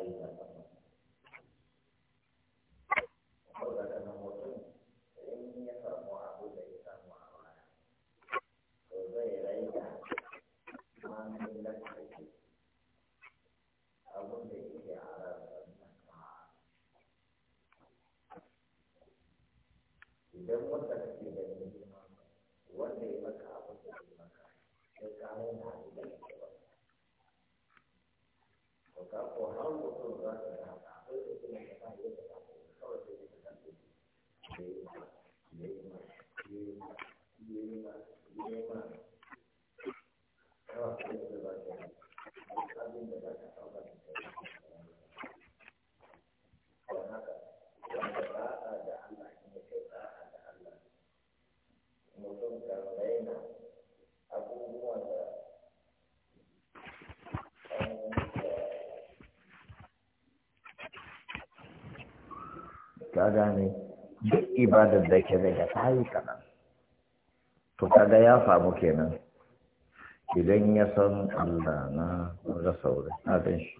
Amen ka gane duk ibadar da ke daga ta yi kaɗan to kaga ya samu kenan idan ya san Allah na ga saurin na san shi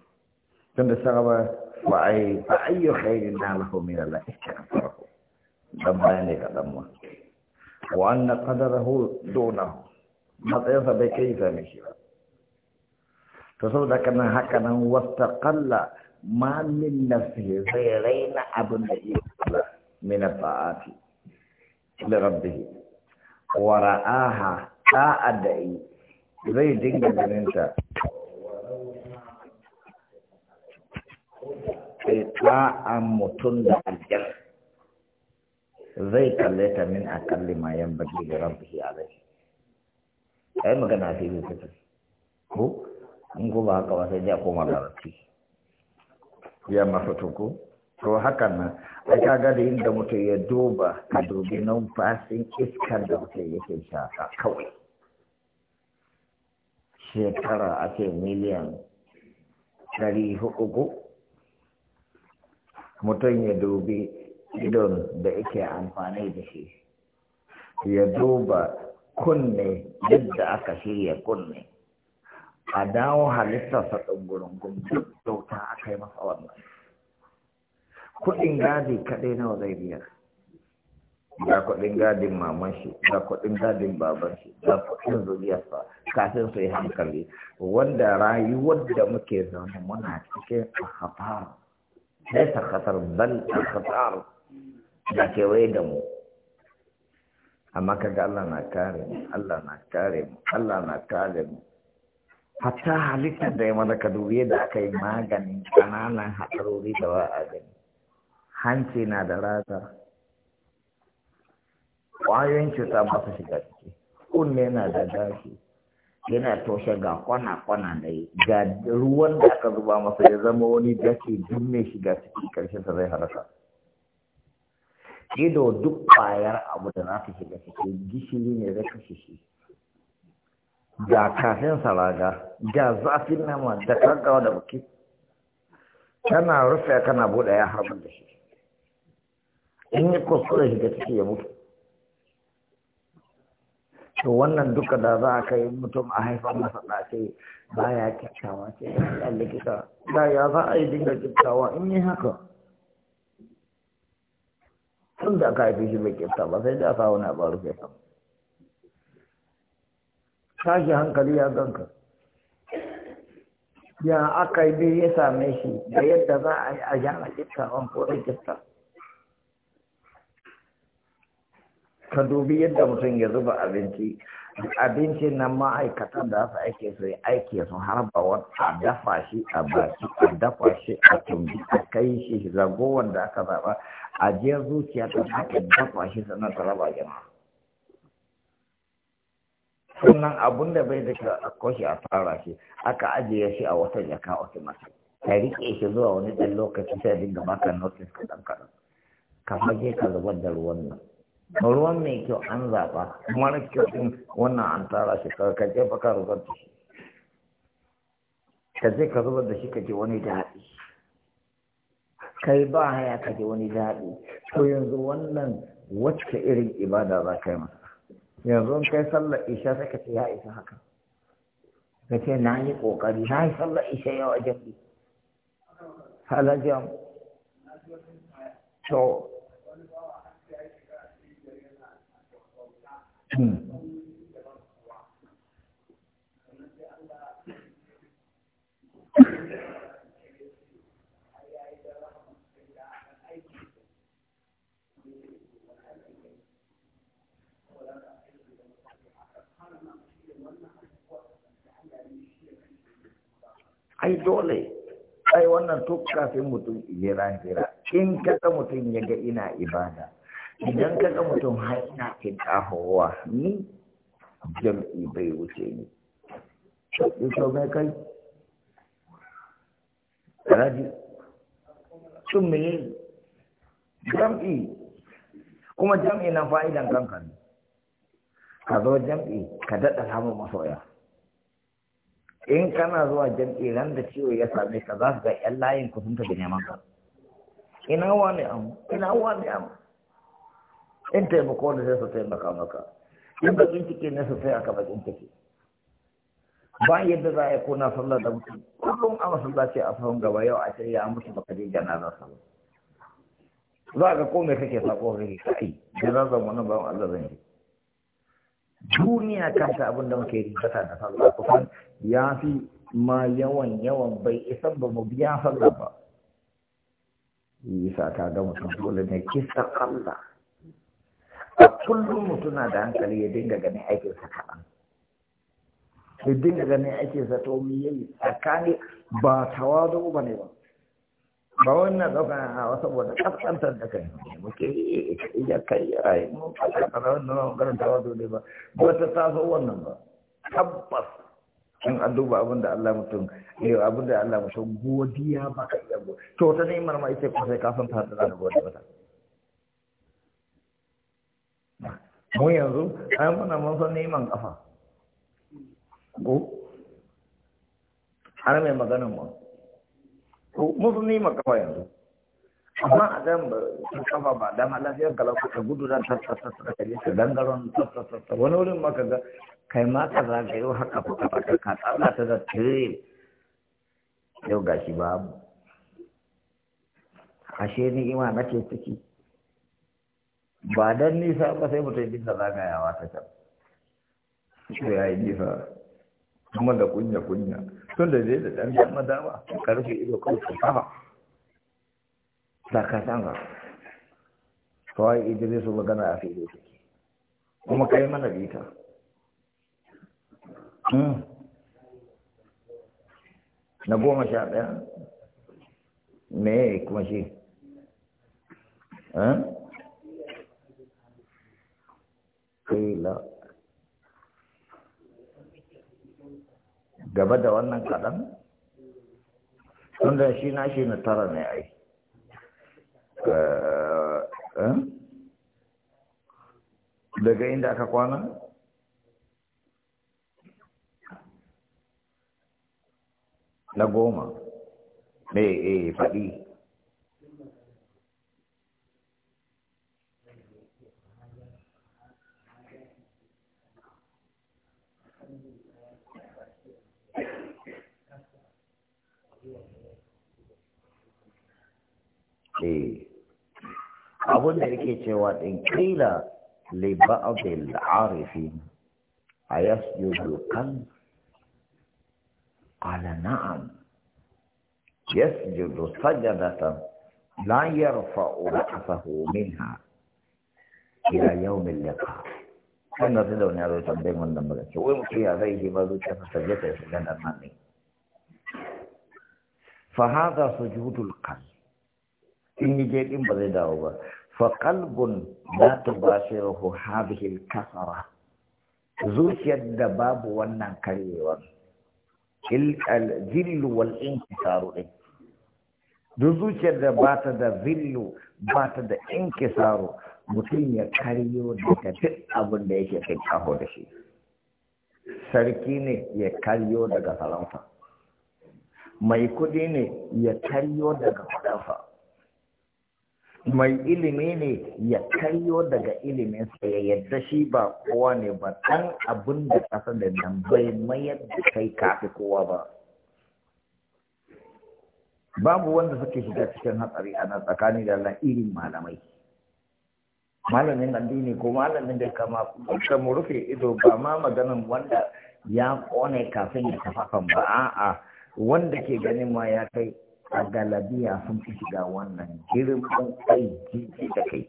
tun da saraba ba a yi ba a yi khairin na alhomi da la'ikar farko dan bayan ne kaɗan ma wa an na ƙadar hu dona matsayinsa bai kai same shi ba to da kanan haka nan wasta kalla ma min nafsihi zai raina abin da iya kula min ta'ati li rabbihi wa ra'aha sa'ad da yi zai dinga ganinta sai ta'an mutum da aljan zai kalle ta min a kalli ma yan bagi da a alai ai magana yi ta ko in ko ba haka ba sai ja koma larabci ya mafi tuku to hakan nan a kaga da inda mutum ya duba ka dubi numfasin iskar da mutum yake shafa kawai shekara a ce miliyan ɗari hukuku mutum ya dubi idon da yake amfani da shi ya duba kunne yadda aka shirya kunne a dawo halittarsa ɗin duk dauta aka yi masa wannan kuɗin gadi kaɗai nawa zai biya ga kuɗin gadin maman shi ga kuɗin gadin baban shi ga kuɗin zuriyarsa kafin su yi hankali wanda rayuwar da muke zaune muna cikin khatar sai ta khatar bal da kewaye da mu amma kaga Allah na kare mu Allah na kare mu Allah na kare mu hatta halittar da ya mana ka dubiye da aka yi maganin ƙananan hatsarori da wa a gani hanci na da rata ƙwayoyin cuta ba su shiga ciki kunne na da gashi yana toshe ga kwana-kwana na yi ga ruwan da aka zuba masa ya zama wani gashi duk mai shiga ciki karshe sa zai halaka ido duk ƙwayar abu da za ta shiga ciki gishiri ne zai kashe shi ga kafin salaga ga zafin nama da kankawa da buki kana rufe kana buɗe ya harbar da shi in yi kuskure shiga ciki ya mutu to wannan duka da za a kai mutum a haifar masa ɗace ba ya kyakkyawa ce ya likita da ya za a yi dinga kyakkyawa in yi haka tun da aka haifi shi mai kyakkyawa ba sai da a sa wani a ɓaru tashi hankali ya ganka ya aka yi ya same shi da yadda za a yi a jana kyakkyawan ko da kyakkyawa ka dubi yadda mutum ya zuba abinci abincin nan ma'aikatan da su aike su yi aiki sun harba wata dafa shi a baki a dafa shi a tumbi a kai shi zago da aka zaba a je zuciya ta aka dafa shi sannan ta raba gina sannan abun da bai da ko a fara shi aka ajiye shi a wata jaka wata masa ta rike shi zuwa wani ɗan lokaci sai dinga maka notice ɗan kaɗan ka fage ka zubar da ruwan nan ruwan mai kyau an zaɓa mara kyau ɗin wannan an tara shi ka ka jefa ka rubar da shi ka je ka zubar da shi ka je wani daɗi kai ba haya ka je wani daɗi to yanzu wannan wacce irin ibada za ka yi masa yanzu in kai sallar isha sai ka ce ya isa haka ka ce na yi ƙoƙari na yi sallar isha yau a jami'a ai dole ai wannan to kafin mutum ya ranjira in kasa mutum ya ga ina ibada idan ka ga mutum har ina cin kahowa ni jam'i bai wuce ni so mai kai raji sun meye jam'i kuma jam'i na fa'idan kanka ne ka zo jam'i ka daɗa samun masoya in kana zuwa jam'i ran da ciwo ya same ka za su ga 'yan layin ku sun tafi neman ka ina ne amma? ina ne amma in taimako ne sai su taimaka maka in sun ciki ne su sai aka bakin ciki ba yadda za a yi kuna sallar da mutum kullum a masallaci a sahun gaba yau a ce ya mutu baka je janazar sa za ga ko me kake sako kake kai janazar wani ba Allah zan yi duniya kanta abin da muke yi kasa da sallah kusan ya fi ma yawan yawan bai isa ba mu biya sallar ba yi sa ka ga mutum dole ne kisa Allah a kullum mutuna da hankali ya dinga ganin aikinsa kaɗan ya dinga ganin aikinsa to mu yi tsakani ba tawadu ba ne ba ba wannan ɗaukan hawa saboda ƙasƙantar da kai muke iya kai a yi mu ƙasƙantar wannan ƙarin tawadu ne ba ba ta taso wannan ba tabbas in an duba abin da Allah mutum eh abin da Allah mutum godiya ba ka iya to ta ne ma ita kuma sai ka san ta da godiya ba mu yanzu an muna mun san neman ƙafa, ko har mai magana mu ko mun san neman ƙafa yanzu amma a dan kafa ba dan Allah sai ka lauka gudu dan tattattata ka je dangaron tattattata wani wurin maka ga kai ma ka za ka yi haka fuka fuka ka tsalla ta da tire yau gashi babu ashe ni ima nake ciki ba dan nisa ba sai mutum dinga zagayawa ta can shi ya yi nisa kuma da kunya kunya tun da zai da ɗan dama dama karfe ido kan su kafa saka sanga kawai idris su magana a fili take kuma kai mana bita hmm. na goma sha ɗaya me kuma shi hmm? قيل gaba da wannan kaɗan? Tunda shi na shi na tara ne ai. Daga inda aka kwana? Na goma. Me eh faɗi. eh abun da yake cewa din kila li ba'd arifin ayasjudu al qala na'am يسجد سجدة لا يرفع رأسه منها إلى يوم اللقاء فهذا سجود القلب in yi je ba zai dawo ba fa qalbun la tubashiruhu hadhihi al-kasara zuciyar da babu wannan karyewar al-jillu wal inkisaru din duk zuciyar da bata da zillu bata da inkisaru mutum ya karyo daga duk abin da yake kai kaho da shi sarki ne ya karyo daga faransa mai kudi ne ya karyo daga faransa mai ilimi ne ya kayo daga iliminsa ya yadda shi ba kowa ne ba ɗan abin da ƙasar da nan bai mayar da kai kafi kowa ba babu wanda suke shiga cikin hatsari a nan tsakani da Allah irin malamai malamin addini ko malamin da kama da mu rufe ido ba ma maganan wanda ya kone kafin ya tafafan ba a'a wanda ke ganin ma ya kai a galabiya sun fi shiga wannan girman kai da kai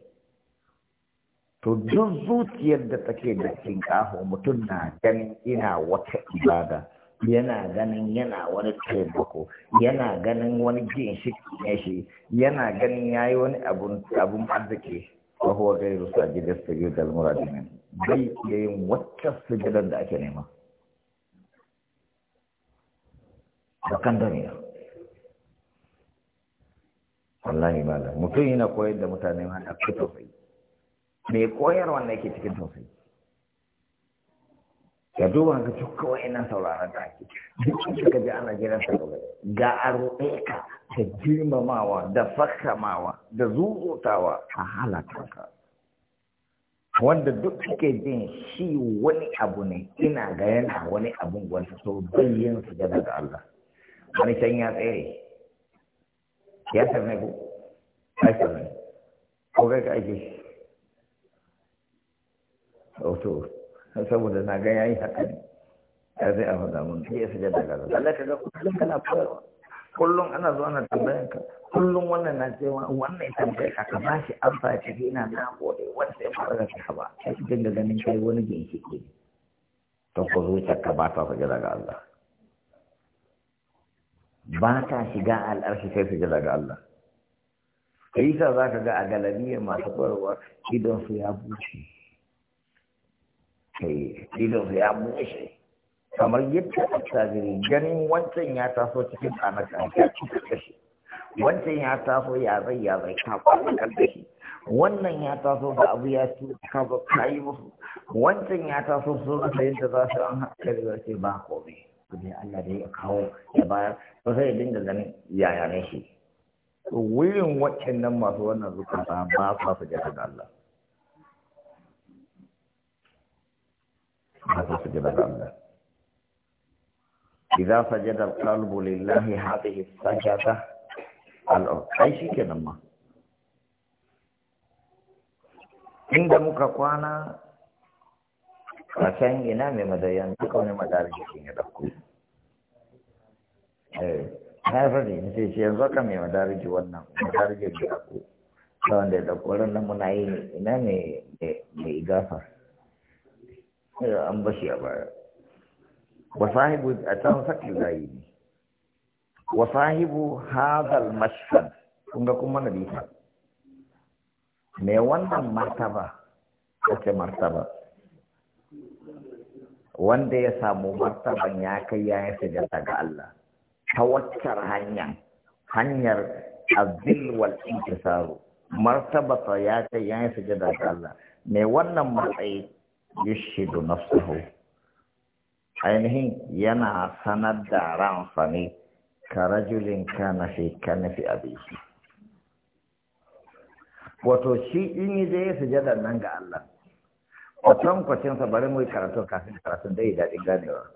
to duk zuciyar da take da kafa mutum na ganin ina wata ibada yana ganin yana wani taimako yana ganin wani jin shi ne shi yana ganin yayi wani abun abun arziki wa huwa ghayru sajid as al-muradin bai yayin wata sujudar da ake nema bakan wallahi malam mutum yana koyar da mutane ma da tausayi me koyar wanda yake cikin tausayi ya duba ka ci kawai ina sauraron da ake duk ka ji ana jiran sa gaba ga a ka da girmamawa da fakamawa da zuzutawa a halaka ka wanda duk suke jin shi wani abu ne ina ga yana wani abun wanda so bayyansu daga Allah wani can ya tsere ya same ku ya same ko kai ka ake to saboda na ga yayi haka ne ya zai a faɗa mun ya suje da gaza lallai ka ga kullum kana koyarwa kullum ana zuwa na tambayan ka kullum wannan na ce wannan ya tambaye ka ka ba shi an ta ce ina na gode wanda ya fara da ka ba sai dinga ganin kai wani ginshiki to ko ka ba ta suje daga Allah ba ta shiga al'arshi sai su jira ga Allah yi sa za ka ga a galabiyar masu kwarwa idonsu ya bushe kai idon su ya bushe kamar yadda a tsagiri ganin wancan ya taso cikin tsanaka ya ci shi. wancan ya taso ya zai ya zai ta kwanakar da shi wannan ya taso ga abu ya ci ka zo ka yi musu wancan ya taso sun rasa yadda za su an haɗa da ba komai ne Allah da ya kawo ya baya. to sai ya dinga ganin yaya ne shi wurin nan masu wannan zukata ba ba su jira da Allah ba su su jira da Allah idza sajada al-qalbu lillahi hadhihi sajada al ai shi kenan ma inda muka kwana a can ina mai madayan duka wani madarin shi ya dauko ya eh, faɗi na ce yanzu ka mai madariji wannan madariji da ya ta wanda ya ran nan muna yi ina mai gafa eh, an bashi a baya wa sahibu a can sakin layi ne wa sahibu hadal mashhad kun ga kuma nabisa mai wannan martaba wace martaba wanda ya samu martaban ya kai ya yi sujata ga Allah ta waccar hanya hanyar abdul wal martaba ta ya kai ya yi sujada ga Allah mai wannan matsayi yushidu nafsuhu ainihin yana sanar da ransa ne ka rajulin na fi kanafi abisi wato shi in yi zai sujada nan ga Allah kwatan kwacinsa bari mu yi karatun kafin karatun dai daɗin ganewa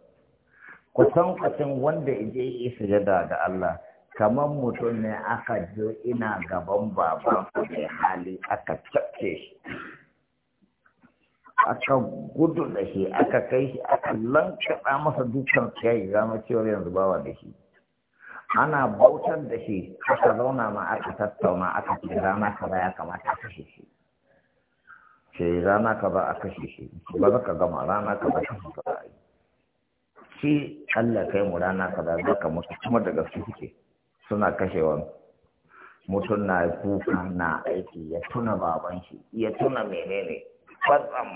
kusan wanda je yi sujada ga Allah kamar mutum ne aka jo ina gaban baban mai hali aka cafke shi aka gudu da shi aka kai shi aka lankaɗa masa dukkan tsayi zama cewar yanzu bawa da shi ana bautar da shi aka zauna ma aka tattauna aka ce rana ba ya kamata a kashe shi ce rana ka a kashe shi ba za ka gama rana ka ba shi a yi shi Allah kai mu rana kaza za ka mutu kuma daga su suke suna kashewa mutum na kuka na aiki ya tuna baban shi ya tuna menene kwatsam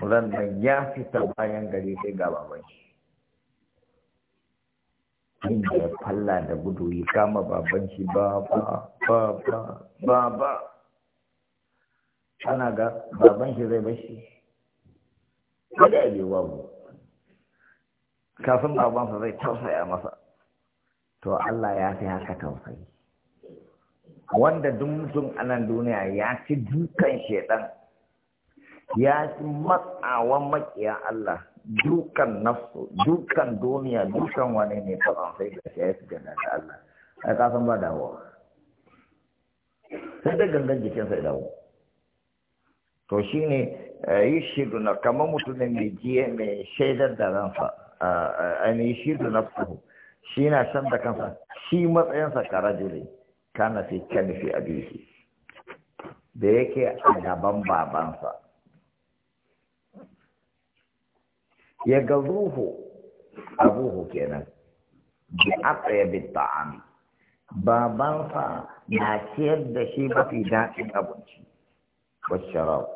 rannan ya fita bayan gari sai ga baban shi inda ya falla da gudu ya kama baban shi ba ba ba ba ba ana ga baban shi zai bashi kada ya wa kafin babansa zai tausaya masa to Allah ya fi haka tausayi wanda duk mutum a nan duniya ya ci dukan shedan ya ci matsawan makiya Allah dukan nafsu dukan duniya dukan wani ne faɗan sai da shi ya fi gana da Allah a kasan ba dawo sai da gangan jikin sai dawo to shi shine eh, yi shiru na kamar mutumin ne mai jiye mai shaidar da ransa ainihin da na nafsuhu shi na san da kansa shi matsayinsa karajuli kana fi a abisi da yake a gaban babansa ya ga ruhu abuhu kenan bi aqya bi ta'ami babansa na ciyar da shi mafi daɗin abinci washarab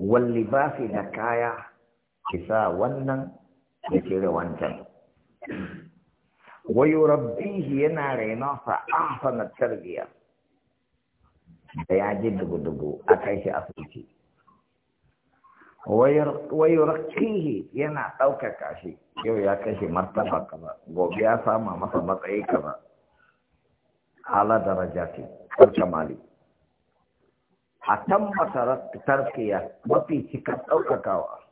wal libasi da kaya kisa wannan ya cire wancan wayo rabbihi yana rainonsa ahsana tarbiya da ya ji dugu-dugu a kai shi asibiti wayo rakkihi yana dauka kashi yau ya kashi martaba kaza gobe ya sama masa matsayi kaza ala darajati har kamali a tambata tarkiya mafi cikar ɗaukakawa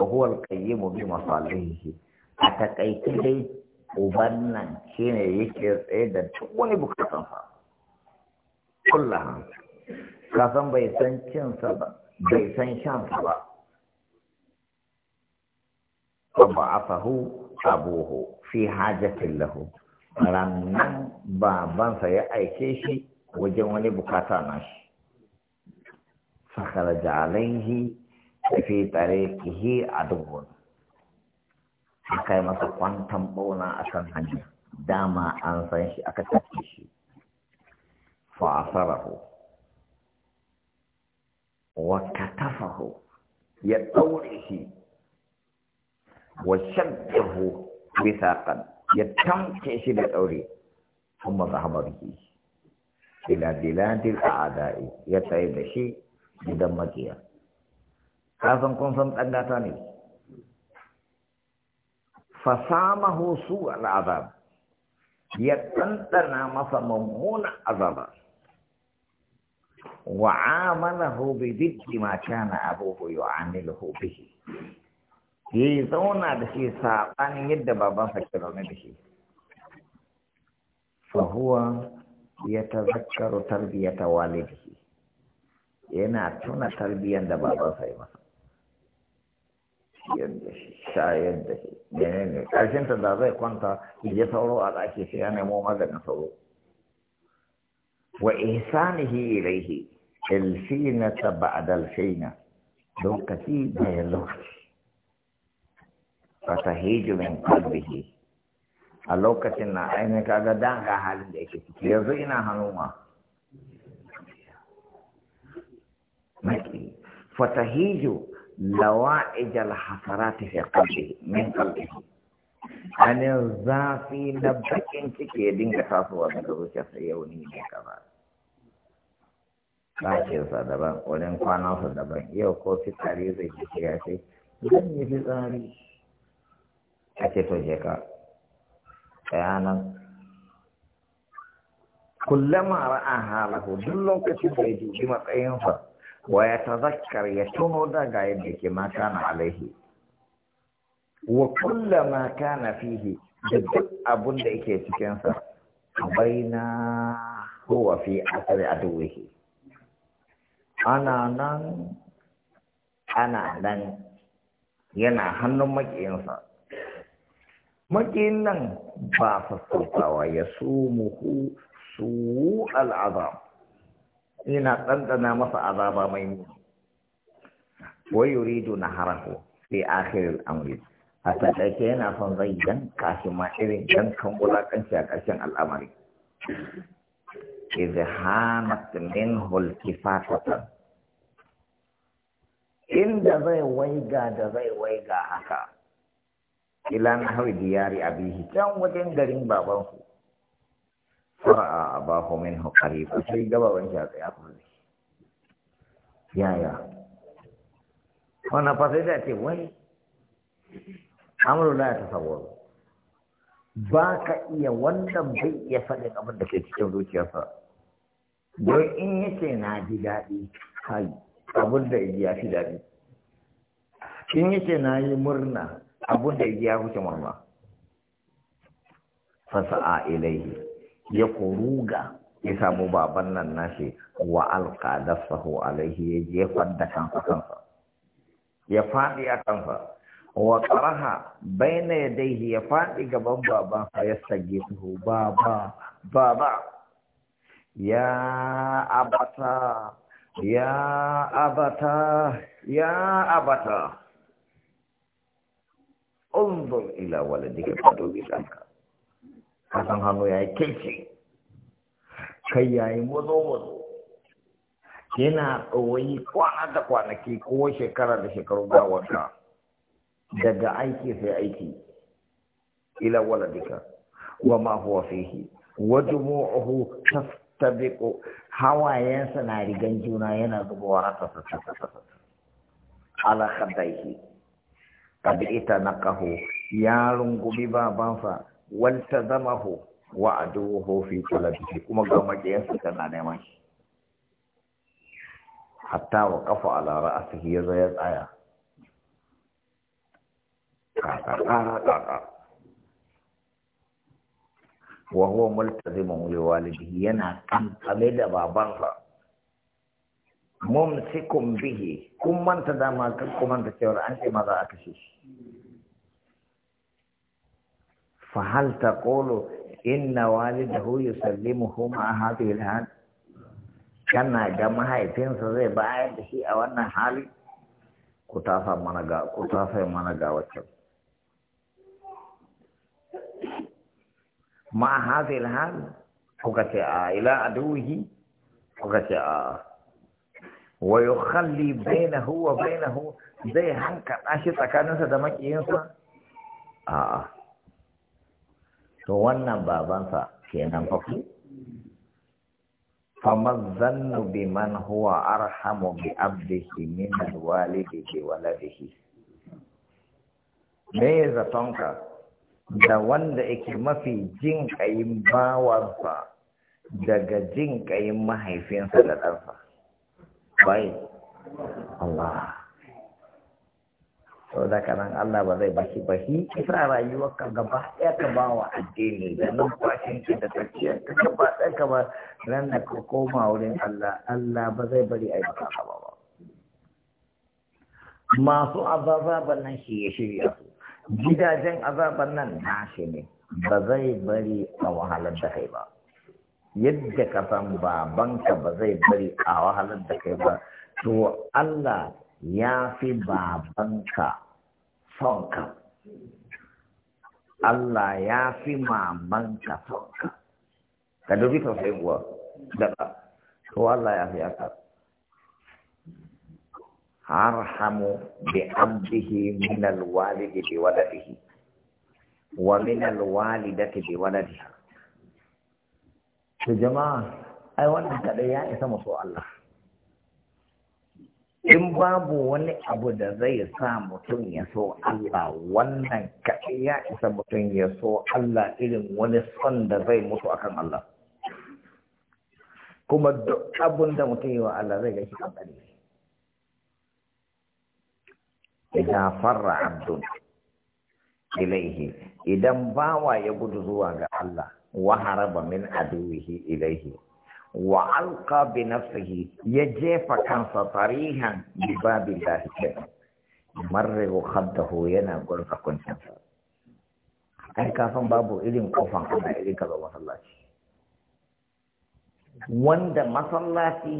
wa huwa al-qayyimu bi masalihi a takaice dai uban nan shine yake tsaye da duk wani bukatan sa kullaha ka san bai san cin sa ba bai san shan sa ba fa ba'athahu abuhu fi hajatin lahu rannan babansa ya aike shi wajen wani bukata na shi fakaraja fi tare kihi a dubun aka yi masa kwantan bauna a kan hanya dama an san shi aka tafi shi fasarahu wa katafahu ya daure shi wa shaddahu bisaqan ya tamke shi da ɗaure kuma zahaba shi. ila diladil a'da'i ya tsaye da shi gidan makiya kasan kun san ɗan gata ne fasamahu su al'azab ya ɗanɗana masa mummunan azaba wa amalahu bi dukki ma kana abuhu yu'amiluhu bihi ya zauna da shi saɓanin yadda sa ke zaune da shi fahuwa ya tazakkaru tarbiyata walidihi yana tuna tarbiyan da babansa ya masa ciyar da shi shayar da shi mene ne ƙarshen ta da zai kwanta ya sauro a ɗaki sai ya nemo maganin sauro wa ihsanihi ilaihi ilfinata ba'da alfina lokaci bayan lokaci fatahiju min qalbihi a lokacin na ainihin kaga dan ga halin da yake ciki yanzu ina hanuma. maki fatahiju lawa'ijal hasarati fi qalbi min qalbihi anin zafi na bakin ciki ya dinga tasowa daga zuciyarsa yau ni ne kaza ɗakinsa daban kwana kwanansa daban yau ko fitsari zai ji shiga sai zan yi fitsari a ce to je ka tsaya nan kullama ra'a halahu duk lokacin da ya dubi matsayinsa wa ya tazakkar ya tuno da ga yadda ke ma kana alaihi wa ma kana fihi da duk abun da yake cikin sa baina huwa fi asari aduwihi ana nan ana nan yana hannun makiyinsa makiyin nan ba fasautawa ya sumuhu su al'azab ina ɗanɗana masa azaba mai Wai yuri wa na naharahu fi akhiril amri a ke yana son zai yanka shi ma irin yankan wulaƙanci a ƙarshen al'amari izhanat minhu alkifatatan inda zai waiga da zai waiga haka Ilan hawi diyari abihi can wajen garin babansu ba fara'a abahu minhu qarifa sai gaba wani ya tsaya ku yaya wannan fa sai da ce wai amru la tasawwur ba ka iya wannan bai iya faɗin abin da ke cikin zuciyarsa don in yake na ji dadi, kai abin da ya fi dadi, in yake na yi murna abun da ya huce murna fasa'a ilaihi ya kuruga ya samu baban nan nashi wa alqa dafahu alaihi ya jefar da kansa kansa ya faɗi a kansa wa qaraha baina yadayhi ya faɗi gaban baban sa ya su baba baba ya abata ya abata ya abata ila الى ولدك فدو بذلك kasan hannu ya yi kirki kai ya yi mazo-mazo yana tsawai kwana da kwanaki ko shekara da shekaru ga wata daga aiki sai aiki ila duka, wa ma huwa fihi wa jumu'uhu tastabiqu hawayensa na rigan juna yana zubowa rata ala khadaihi kad ita naqahu ya rungumi babansa Wanta waltazamahu wa aduwuhu fi talabihi kuma ga makiyarsa tana neman shi hatta wa kafa ala ra'asihi yazo ya ya tsaya Kaka wa huwa multazimun li walidihi yana kankame da babansa mumsikun bihi kun manta dama kan kuma da cewa an ce maza a kashe shi فهل تقول ان والده يسلمهما هذه الحال كان جماعه فين سوي باي دشي ا wannan hali ku ta fa mana ga ku ta fa mana ga wacce ma hadi alhal ku ka ce a ila aduhi ku ka ce a wa yukhalli bainahu wa bainahu zai hanka shi tsakaninsa da makiyinsa a'a to wannan babansa kenan fa ku famar zannu bi man huwa arhamu bi abdihi min walidi bi waladihi me zatonka da wanda yake mafi jin kayin bawansa daga jin kayin mahaifinsa da ɗansa bai Allah sau da kanan Allah ba zai bashi ba shi kisa rayuwarka gaba ya ka ba wa addini da numfashin ki da tafiyar ka gaba ɗaya ka ba nan da ka koma wurin Allah Allah ba zai bari a yi ba ba masu azabar nan shi ya shirya su gidajen azabar nan shi ne ba zai bari a wahalar da kai ba yadda ka san babanka ba zai bari a wahalar da kai ba to Allah ya fi babanka sonka Allah ya fi mamanka sonka ka dubi tausayin uwa daga to Allah ya fi aka arhamu bi abdihi min alwalidi bi waladihi wa min alwalidati bi waladiha to jama'a ai wannan kada ya isa musu Allah in babu wani abu da zai sa mutum ya so Allah wannan kaɗai ya isa mutum ya so Allah irin wani son da zai mutu akan Allah kuma duk abin da mutum yi wa Allah zai gashi kankani idan farra abdun ilaihi idan bawa ya gudu zuwa ga Allah wa haraba min aduwihi ilaihi wa alqa bi nafsihi ya jefa kansa tarihan bi babillah marru khaddahu yana gurfa kuncinsa ai kafan babu irin kofan ana irin kaza masallaci wanda masallaci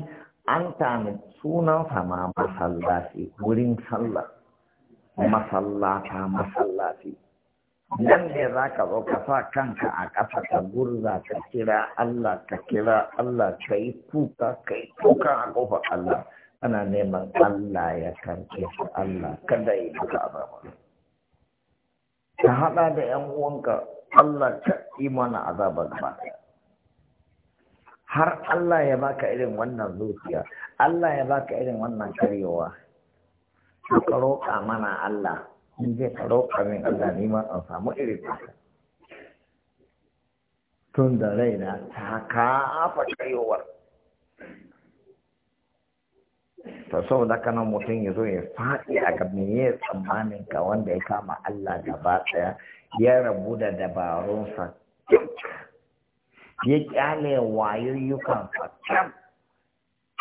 an tami sunan sama masallaci wurin sallah masallata masallaci nan ne za ka zo ka sa kanka a ƙasa ka gurza ka kira Allah ka kira Allah ka yi kuka ka yi kuka a ƙofar Allah ana neman Allah ya karɓe shi Allah kada ya a azaba ka haɗa da ƴan uwanka Allah ka yi mana azaba gaba har Allah ya baka irin wannan zuciya Allah ya baka irin wannan karyewa ka roƙa mana Allah in zai karo karin Allah neman an samu irin haka tun da raina ta kafa kaiwar ta sau da kanan mutum ya zo ya faɗi a gaban ya yi tsammanin ka wanda ya kama Allah gaba ɗaya ya rabu da dabarunsa ya kyale wayoyukan fakam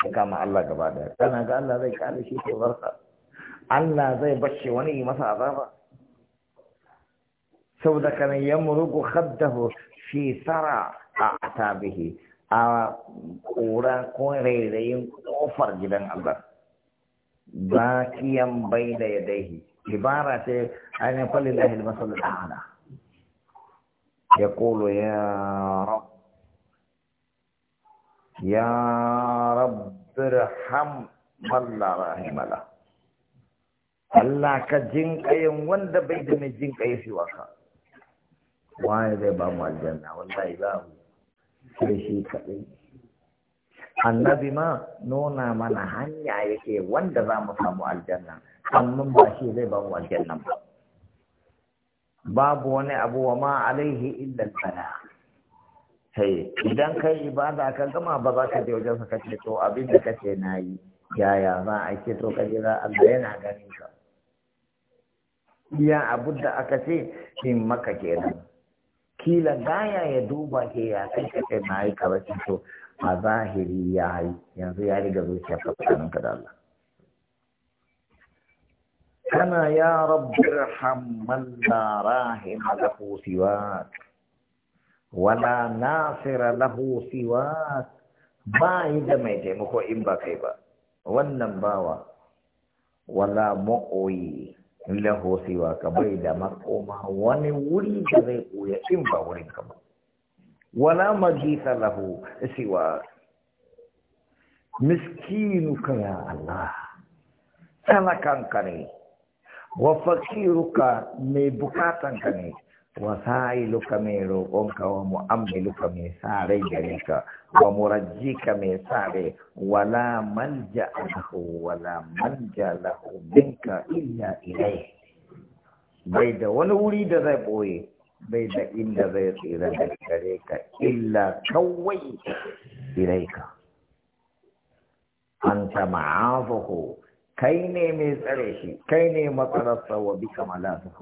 ya kama Allah gaba ɗaya kana ga Allah zai kyale shi ke barka Allah zai bashi wani yi masa azaba saboda kana yamrugu khaddahu fi sara a atabihi a kura ko rairayin kofar gidan Allah bakiyan baina yadayhi ibara ce ainihin falillahi al-masal al-a'la يقول يا رب يا رب ارحم من لا رحم له Allah ka jinƙayin wanda bai da mai jinƙaye shi waka wani zai ba mu aljanna wallahi za mu sai shi kaɗai annabi ma nuna mana hanya yake wanda za mu samu aljanna amma ba shi zai ba mu aljanna ba babu wani abu wa ma alaihi illa tana. sai idan kai ibada ka gama ba za ka je wajen sa kace to abin da kace nayi yaya za a ce to kaje za Allah yana ganin ka iya abun da aka ce in maka kenan kila gaya ya duba ke ya kai ka kai na yi kaza ce to a zahiri ya yi yanzu ya riga zuciya ka tsakanin ka da Allah kana ya rabbi rahamman da rahim lahu siwa wala nasira lahu siwa ba yi da mai taimako in ba kai ba wannan bawa wala ma'oyi. lahu siwa ka bai da makoma wani wuri da zai koya in ba wurin ka ba wala magisa lahu siwa ka ya Allah kanka ne wa ka mai ka ne وسائلك من روقك ومؤملك من ساري جريك ومرجيك من ساري ولا ملجأ له ولا ملجا له منك إلا إليه بيد ونوري ذبوي بيد إن ذيك إلى جريك إلا كوي إليك أنت معاذه كيني مزرشي كيني مطرصه وبك ملاذه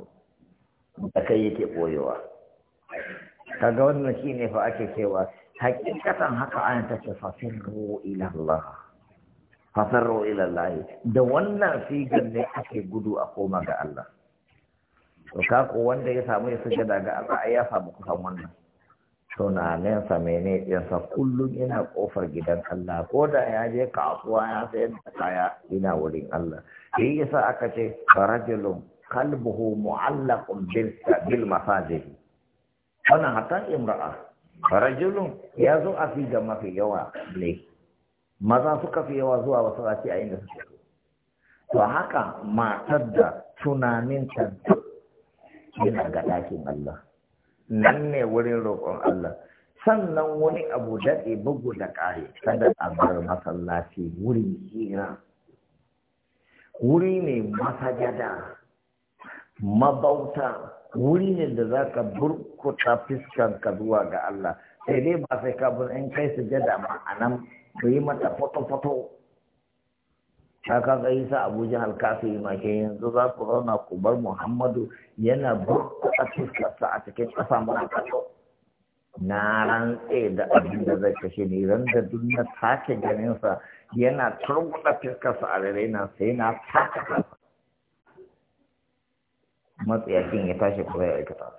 da kai yake koyowa kaga wannan shine fa ake cewa hakikatan haka ana ta ce fasirru ila Allah fasirru ila Allah da wannan sigar ne ake gudu a koma ga Allah to ka ko wanda ya samu ya sujada ga Allah ai ya samu kusan wannan tunanin sa mene sa kullum ina kofar gidan Allah ko da ya je kasuwa ya sayar da kaya ina wurin Allah shi yasa aka ce farajulun kalbuhu mu'allaqun bil bil masajid wannan hatta imra'a rajulun ya zo a fi ga mafi yawa ne maza suka fi yawa zuwa wasu rafi a inda suke to haka matar da tunanin ta yana ga ɗakin Allah nan ne wurin roƙon Allah sannan wani abu daɗe bugu da ƙari kada a bar masallaci wurin hira wuri ne masajada mabauta wuri ne da za ka burkuta fiskanka zuwa ga Allah sai dai ba sai ka bin in kai sujada ma a nan yi mata foto-foto ta ka ga isa abuja halkafi ma ke yanzu za ku zauna ku bar muhammadu yana burkuta fiskarsa a cikin ƙasa mana kaso na rantse da abin da zai kashe ni ran da duk na take ganinsa yana turbuɗa fiskarsa a na sai na taka kasa. matsayacin ya tashi kuma ya aikata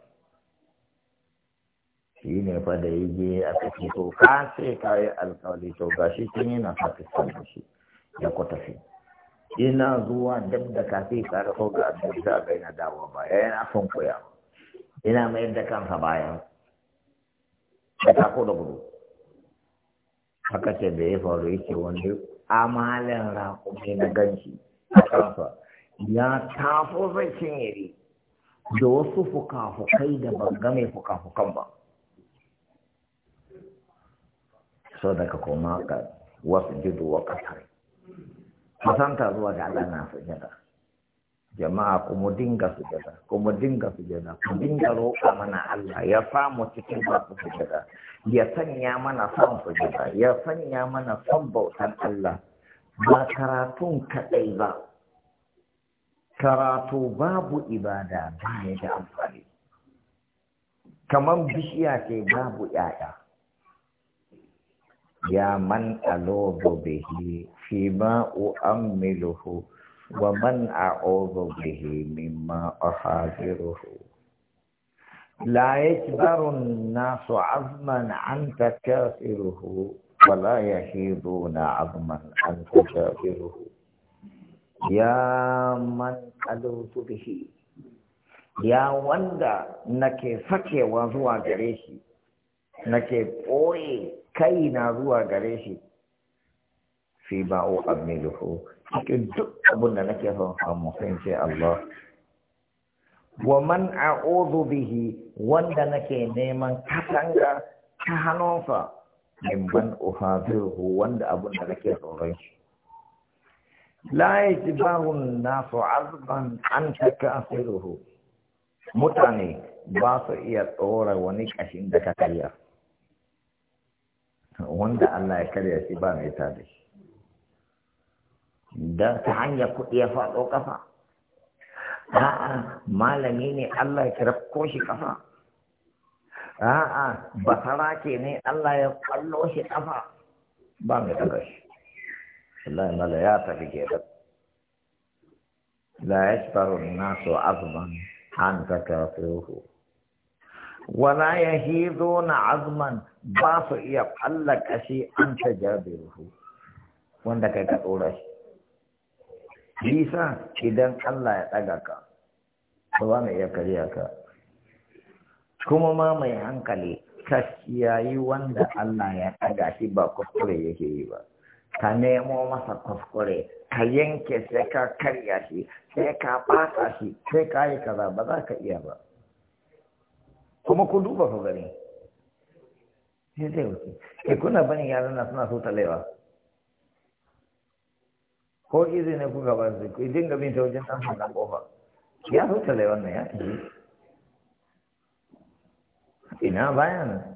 shi ne fa da ya je a cikin to ka ce ka yi alƙawari to ga shi kin yana pakistan da shi ya ku tafi ina zuwa dab da sai ka rafa ga abin ga yana dawo ba ya yana son koya ina mayar da kansa bayan ya tako da gudu haka ce da ya faru yake wani amalin raƙumi na ganshi a kansa ya tafo zai cinye da wasu fuka-fukai da ban ga mai fuka-fukan ba so daga koma ga wasu jidu wa kasar kusanta zuwa ga Allah na jada. jama'a kuma dinga su jada, kuma dinga su jada, ku dinga roƙa mana Allah ya samu cikin masu jada, ya sanya mana son jada, ya sanya mana son bautan Allah ba karatun kaɗai ba karatu babu ibada ba ya da amfani kamar bishiya ce babu ‘ya'ya ya man alobo bihi fi ma'u an wa man a'obo bihi mimma a haziruhu la barun nasu azman an takasiruhu wala ya na azman an takasiruhu ya man kadautu bihi ya wanda nake sakewa zuwa gare shi nake ɓoye kaina zuwa gare shi fi ba'u amiluhu cikin duk abin da nake son samu sai ce Allah wa man a'udhu bihi wanda nake neman katanga ta hannunsa min ban uhaziruhu wanda abin da nake ran shi la yajbahu an-nasu azban an takasiruhu mutane ba su iya tsora wani kashin da ka karya wanda Allah ya karya shi ba mai tada shi da ta hanyar kuɗi ya faɗo ƙasa, a'a malami ne Allah ya kirafko shi ƙasa, a'a basara ke ne Allah ya kwallo shi ƙafa ba mai tada shi wallahi mala ya tafi kenan la yasbaru na so azman an takafuhu wala ya na azman ba su iya allaka shi an tajabiruhu wanda kai ka dora shi Bisa idan Allah ya ɗaga ka, ba mai iya karya ka. Kuma ma mai hankali, ka yi wanda Allah ya ɗaga shi ba kuskure yake yi ba. ka nemo masa kuskure ka yanke sai ka karya shi sai ka ɓata shi sai ka yi kaza ba za ka iya ba kuma ku duba ku gani sai zai wuce ke eh, kuna bani yaran na suna so talewa ko izini kuka ba su ku dinga gabin ta wajen ɗan hannun ƙofa ya so talewa na ya ina bayan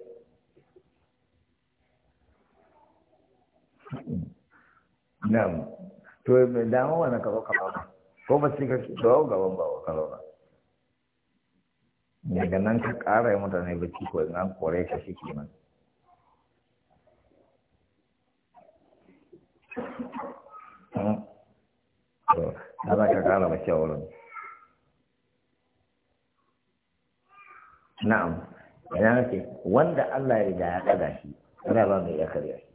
Na'am. To me dawo wani ka zo ka ba. Ko ba sai ka dawo gaban ba ka zo ba. Daga nan ka ƙara mutane ba ko in an kore ka shi kenan. Hmm. To, da za ka ƙara ba a wurin. Na'am. Ina nake wanda Allah ya riga ya ɗaga shi, ana ba mai ya karya shi.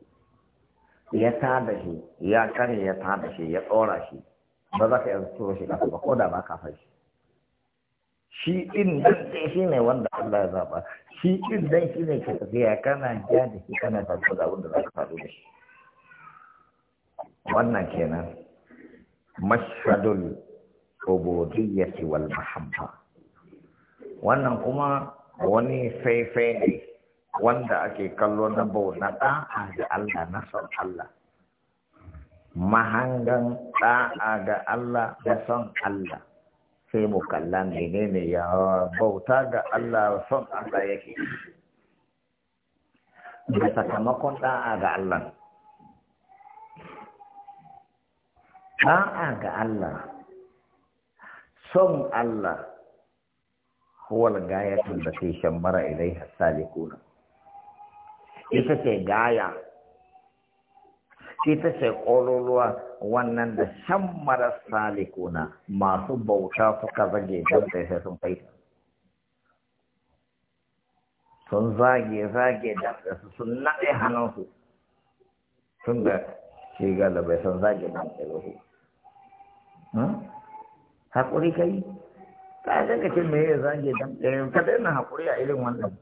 ya tada shi ya kare ya tada shi ya tsora shi ba za ka a turo shi kasa ba ko da ba ka fa shi ɗin dan shi ne wanda Allah ya zaba shi ɗin dan shi ne ka tafiya kana ja da shi kana farko da abin da za ka faru da shi wannan kenan mashhadul ubudiyyati wal mahabba wannan kuma wani faifai ne wanda ake kallo na bauta ɗa'a ga Allah na son Allah mahangan ɗa'a ga Allah da son Allah sai mu kalla ne ya bauta ga Allah son Allah yake da sakamakon ɗa'a ga Allah ɗa'a ga Allah son Allah huwal gayatul da ke mara ilai hasali salikuna ita ce gaya ita ce ƙololuwa wannan da shan marasa likuna masu bauta suka zage don sai sun kai sun zage zage da su sun naɗe hannunsu sun da shi galibai sun zage don sai hmm? haƙuri kai ta zaka ce me ya zage don ka daina haƙuri a irin wannan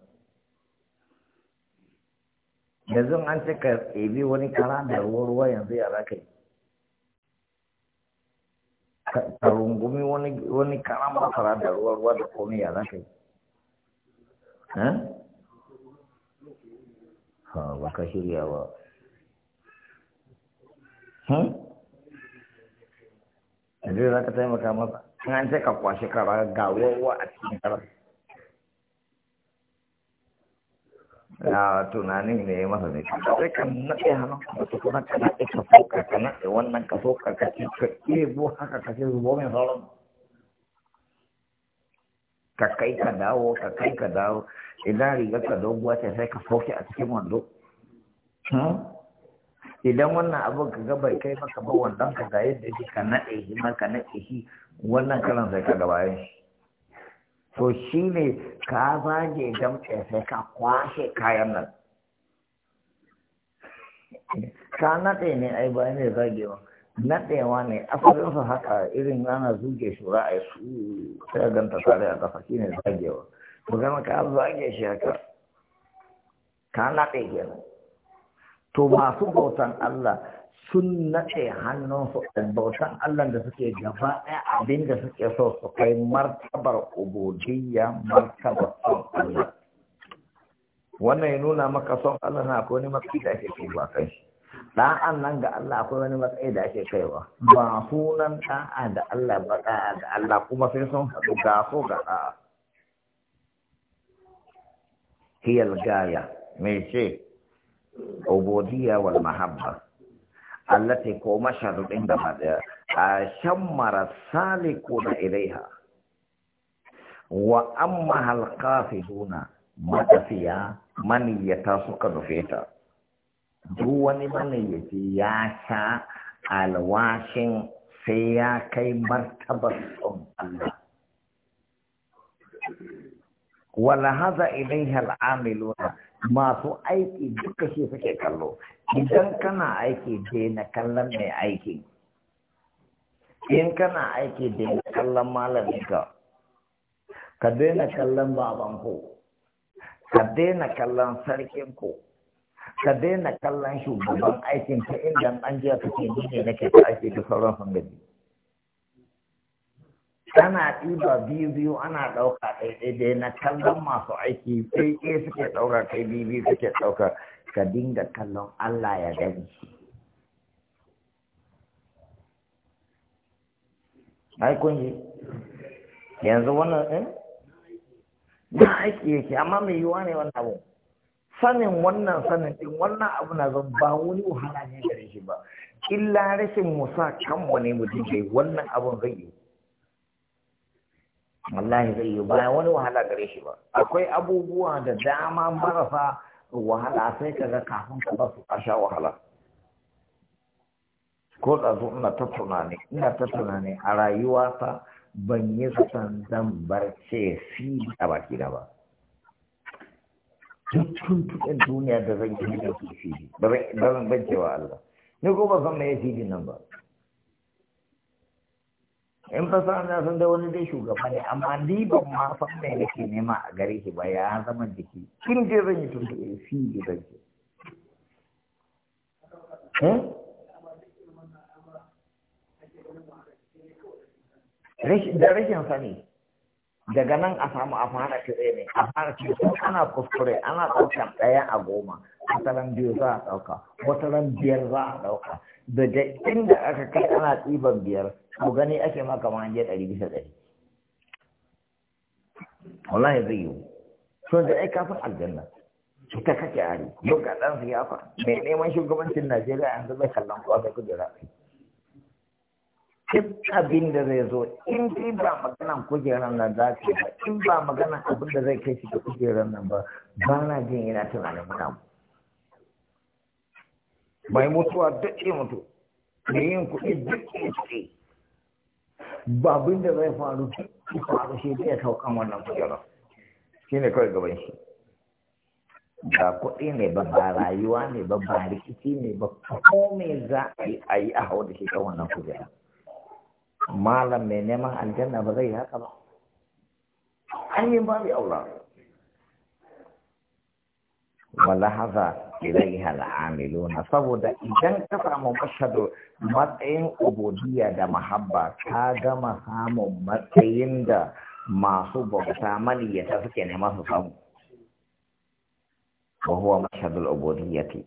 yanzu an ce ka ebi wani kara da ruwa-ruwa yanzu ya raka ka yi ka rungumi wani kara masara da ruwa-ruwa da komai ya raka yi eh? ha ba ka shirya ba ha? yanzu za ka taimaka masa an ce ka kwashe kara ga ruwa-ruwa a cikin karar ya tunanin ne ya masa ne sai ka naɗe hannun kuma su kuma ka naɗe ka soka ka naɗe wannan ka soka ka ci ka ɗebo haka ka ce zubo min sauran ka kai ka dawo ka kai ka dawo idan riga ka doguwa ce sai ka soke a cikin wando hmm? idan wannan abin ka ga bai kai maka ba wandon ka ga yadda shi ka naɗe shi ma ka naɗe shi wannan kalan sai ka gabayan shi to shi ne ka zage don sai ka kwashe kayan nan ka naɗe ne ai ba ne zagewa naɗewa ne asalinsa haka irin rana zuge shura a su sai ganta tare a ƙasa shi ne zagewa to gama ka zage shi haka ka naɗe kenan to masu bautan Allah sun naɗe hannunsu bautan Allah da suke gaba ɗaya abin da suke so su kai martabar ubudiyya martabar son Allah. Wannan ya nuna maka son Allah na akwai wani matsayi da ake ba kai. Ɗan'an nan ga Allah akwai wani matsayi da ake kai Ba Ba sunan ɗa'a da Allah ba ɗa'a da Allah kuma sai sun haɗu ga so ga ɗa'a. Hiyal gaya, mai ce, ubudiyya wal mahabba. allati ko masharudin da madaya a shammara salikuna ilaiha wa amma halqafiduna matafiya maniyata suka nufe ta duk wani maniyaci ya sha alwashin sai ya kai martabar son Allah wala haza ilaiha al'amiluna masu aiki duka shi suke kallo idan kana aiki na kallon mai aiki in kana aiki na kallon malaminka ka daina kallon babanku ka daina kallon sarkinku ka daina kallon shugaban aikin ta inda an jiya kake ni ne nake ta aiki da sauran sun kana ɗiba biyu biyu ana ɗauka ɗaiɗaiɗai na kallon masu aiki sai ke suke ɗauka kai biyu biyu suke ɗauka ka dinga kallon Allah ya gani. Ai kun yi yanzu wannan ɗin? Eh? Na aiki yake amma mai yiwuwa ne wannan abu. Sanin wannan sanin ɗin wannan abu na zan ba wani wahala ne gare shi ba. Illa rashin musa kanmu ne mutum kai wannan abun zai yi. wallahi zai yi bayan wani wahala gare shi ba akwai abubuwa da dama marasa wahala sai ka ga kafin ka ba su sha wahala ko da zo ina ta tunani ina ta tunani a rayuwata ban yi zaton zan bar ce fi a baki na ba duk tuntuɗin duniya da zan yi da su fi ba zan bancewa Allah ni ko ba zan mai fi nan ba in fasa na san da wani dai shugaba ne amma ni ba ma san me yake nema a gare shi ba ya zama jiki kin je zan yi ya fi gidan ki da rashin sani daga nan a samu a fara kire ne a fara kire ana kuskure ana ɗaukar ɗaya a goma wataran biyu za a ɗauka wataran biyar za a ɗauka daga inda aka kai ana ɗiban biyar ko gani ake ma kamar an je ɗari bisa ɗari wallahi zai yiwu so da ai kafin aljanna ita kake ari yau ga ɗan siyasa mai neman shugabancin najeriya yanzu bai kallon kowa bai kujera duk abin da zai zo in ji ba maganan kujerar nan za ka ba in ba maganan abin da zai kai shi ga kujerar nan ba ba na jin yana tunanin muna mai mutuwa duk mutu mai yin kuɗi duk ke? babin da zai faru ki faru shi da ya saukan wannan kujerar shi ne kawai gaban shi ba kuɗi ne ba ba rayuwa ne ba ba rikici ne ba ko me za a yi a hau da shi kan wannan kujerar malam mai neman aljanna ba zai haka ba an yi babu aula walahaza ilaiha al'amiluna saboda idan ka samu mashado matsayin ubudiyya da mahabba ka gama samun matsayin da masu bauta maniyyata suke nema su samu wa huwa mashhadul ubudiyyati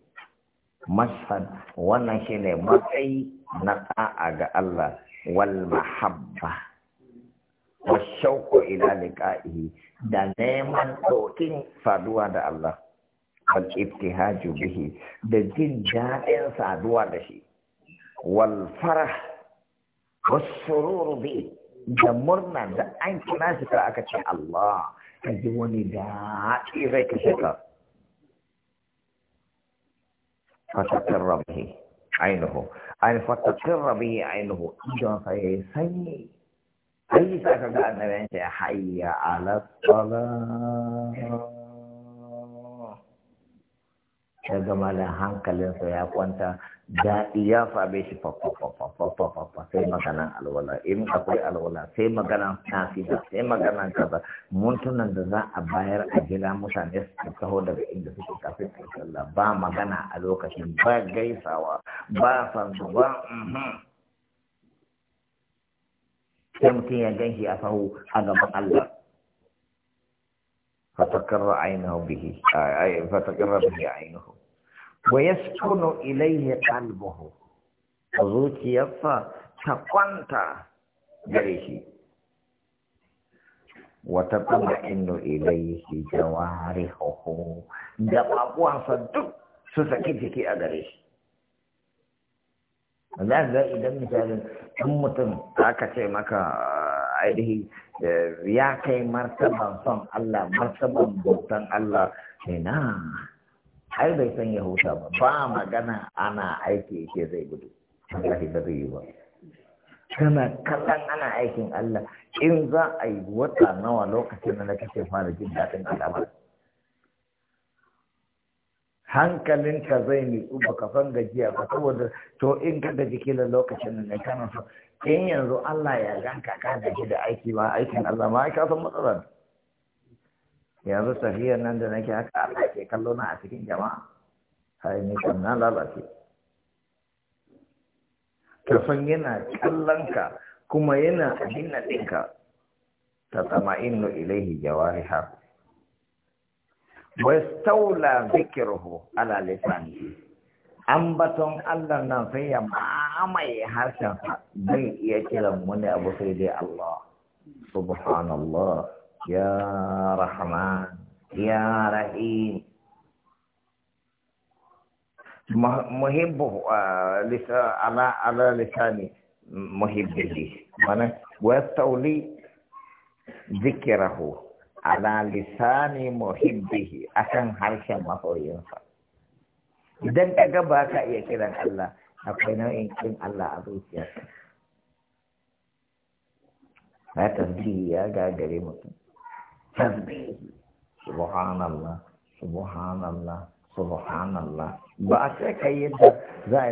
mashad wannan shine matsayi na ta'a ga Allah wal mahabba wa shauqu ila liqa'ihi da neman dokin saduwa da Allah والابتهاج به دجين جائن سادوا دشي والفرح والسرور به دمرنا ده أنت ما سكر أكتش الله تجوني دائي غيك شكر فتقر به عينه أي فتقر به عينه إذا فيسي أي سكر أن حي على الصلاة ta gama da hankalinsa ya kwanta daɗi ya faɓe shi fafafafafafafa sai maganan alwala in akwai alwala sai maganan nafida sai maganan kaza mutunan da za a bayar a gida mutane su taho daga inda suke kafin a sallah ba magana a lokacin ba gaisawa ba sanzu ba uhm. sai mutum ya gan a sahu a gaban Allah Fatakarra عينه به فتقر wayaskunu ilaihi qalbuhu zuciyarsa ta kwanta gare shi wa tatma'innu ilaihi jawarihuhu da babuwansa duk su saki jiki a gare shi za idan misali in mutum aka ce maka ainihi eh, ya kai martaban son Allah martaban bautan Allah na. ai bai san ya huta ba ba magana ana aiki yake zai gudu Allah ba zai yi ba kana kallon ana aikin Allah in za a yi wata nawa lokacin da na ce fara jin daɗin al'amar hankalinka zai nutsu ba ka san gajiya ba saboda to in ka gaji kila lokacin da kana so in yanzu Allah ya ganka ka gaji da aiki ba aikin Allah ma ka san matsalar yanzu tafiyar nan da nake haka Allah ke kallo na a cikin jama'a har ni kan na lalace san yana kallon ka kuma yana abin ɗinka ta inu ilaihi jawari har staula zikirhu ala lisani ambaton Allah nan sai ya mamaye harshen zai iya kiran wani abu sai dai Allah subhanallah Ya Rahman, Ya uh, ala ala lisani muhibbihi. Mana? Wa tauli ala lisani muhibbihi. Akan harsha mahoyinsa. Idan ka ga ba ka iya kiran Allah, akwai nau'in kin Allah a zuciyarsa. Ya tambayi ya mutum. تسبيح سبحان الله سبحان الله سبحان الله ba كيدا زي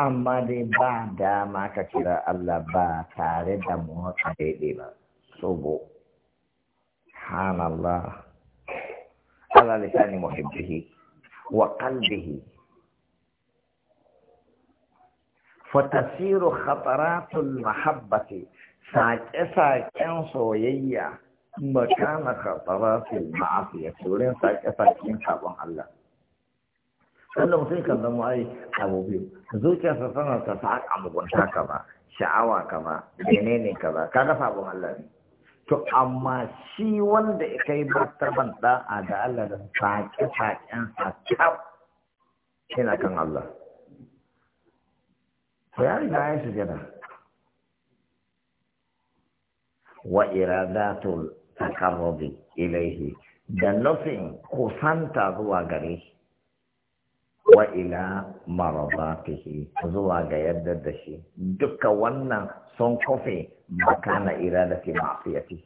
اما دي بعد ما كتير الله dai ba dama ka kira Allah ba سبحان الله على لسان محبه وقلبه فتسير خطرات المحبة ساكسا كان سويا makana ka ma'afi ya wurin sake yin sabon Allah. Sannan mutum kan zama ai abu biyu, zuciyarsa sana ta saƙa mugunta ka ba, sha'awa ka ba, menene ka ba, kaga sabon Allah ne. To, amma shi wanda ya kai martaban ɗa'a da Allah da sake-saken sa cap, yana kan Allah. Ko ya riga ya shi da. wa iradatul تقرب إليه دنفين خسنت ذو غريه وإلى مرضاته ذو غيرد دشي دك ونن سنكفي مكان إرادة معصيته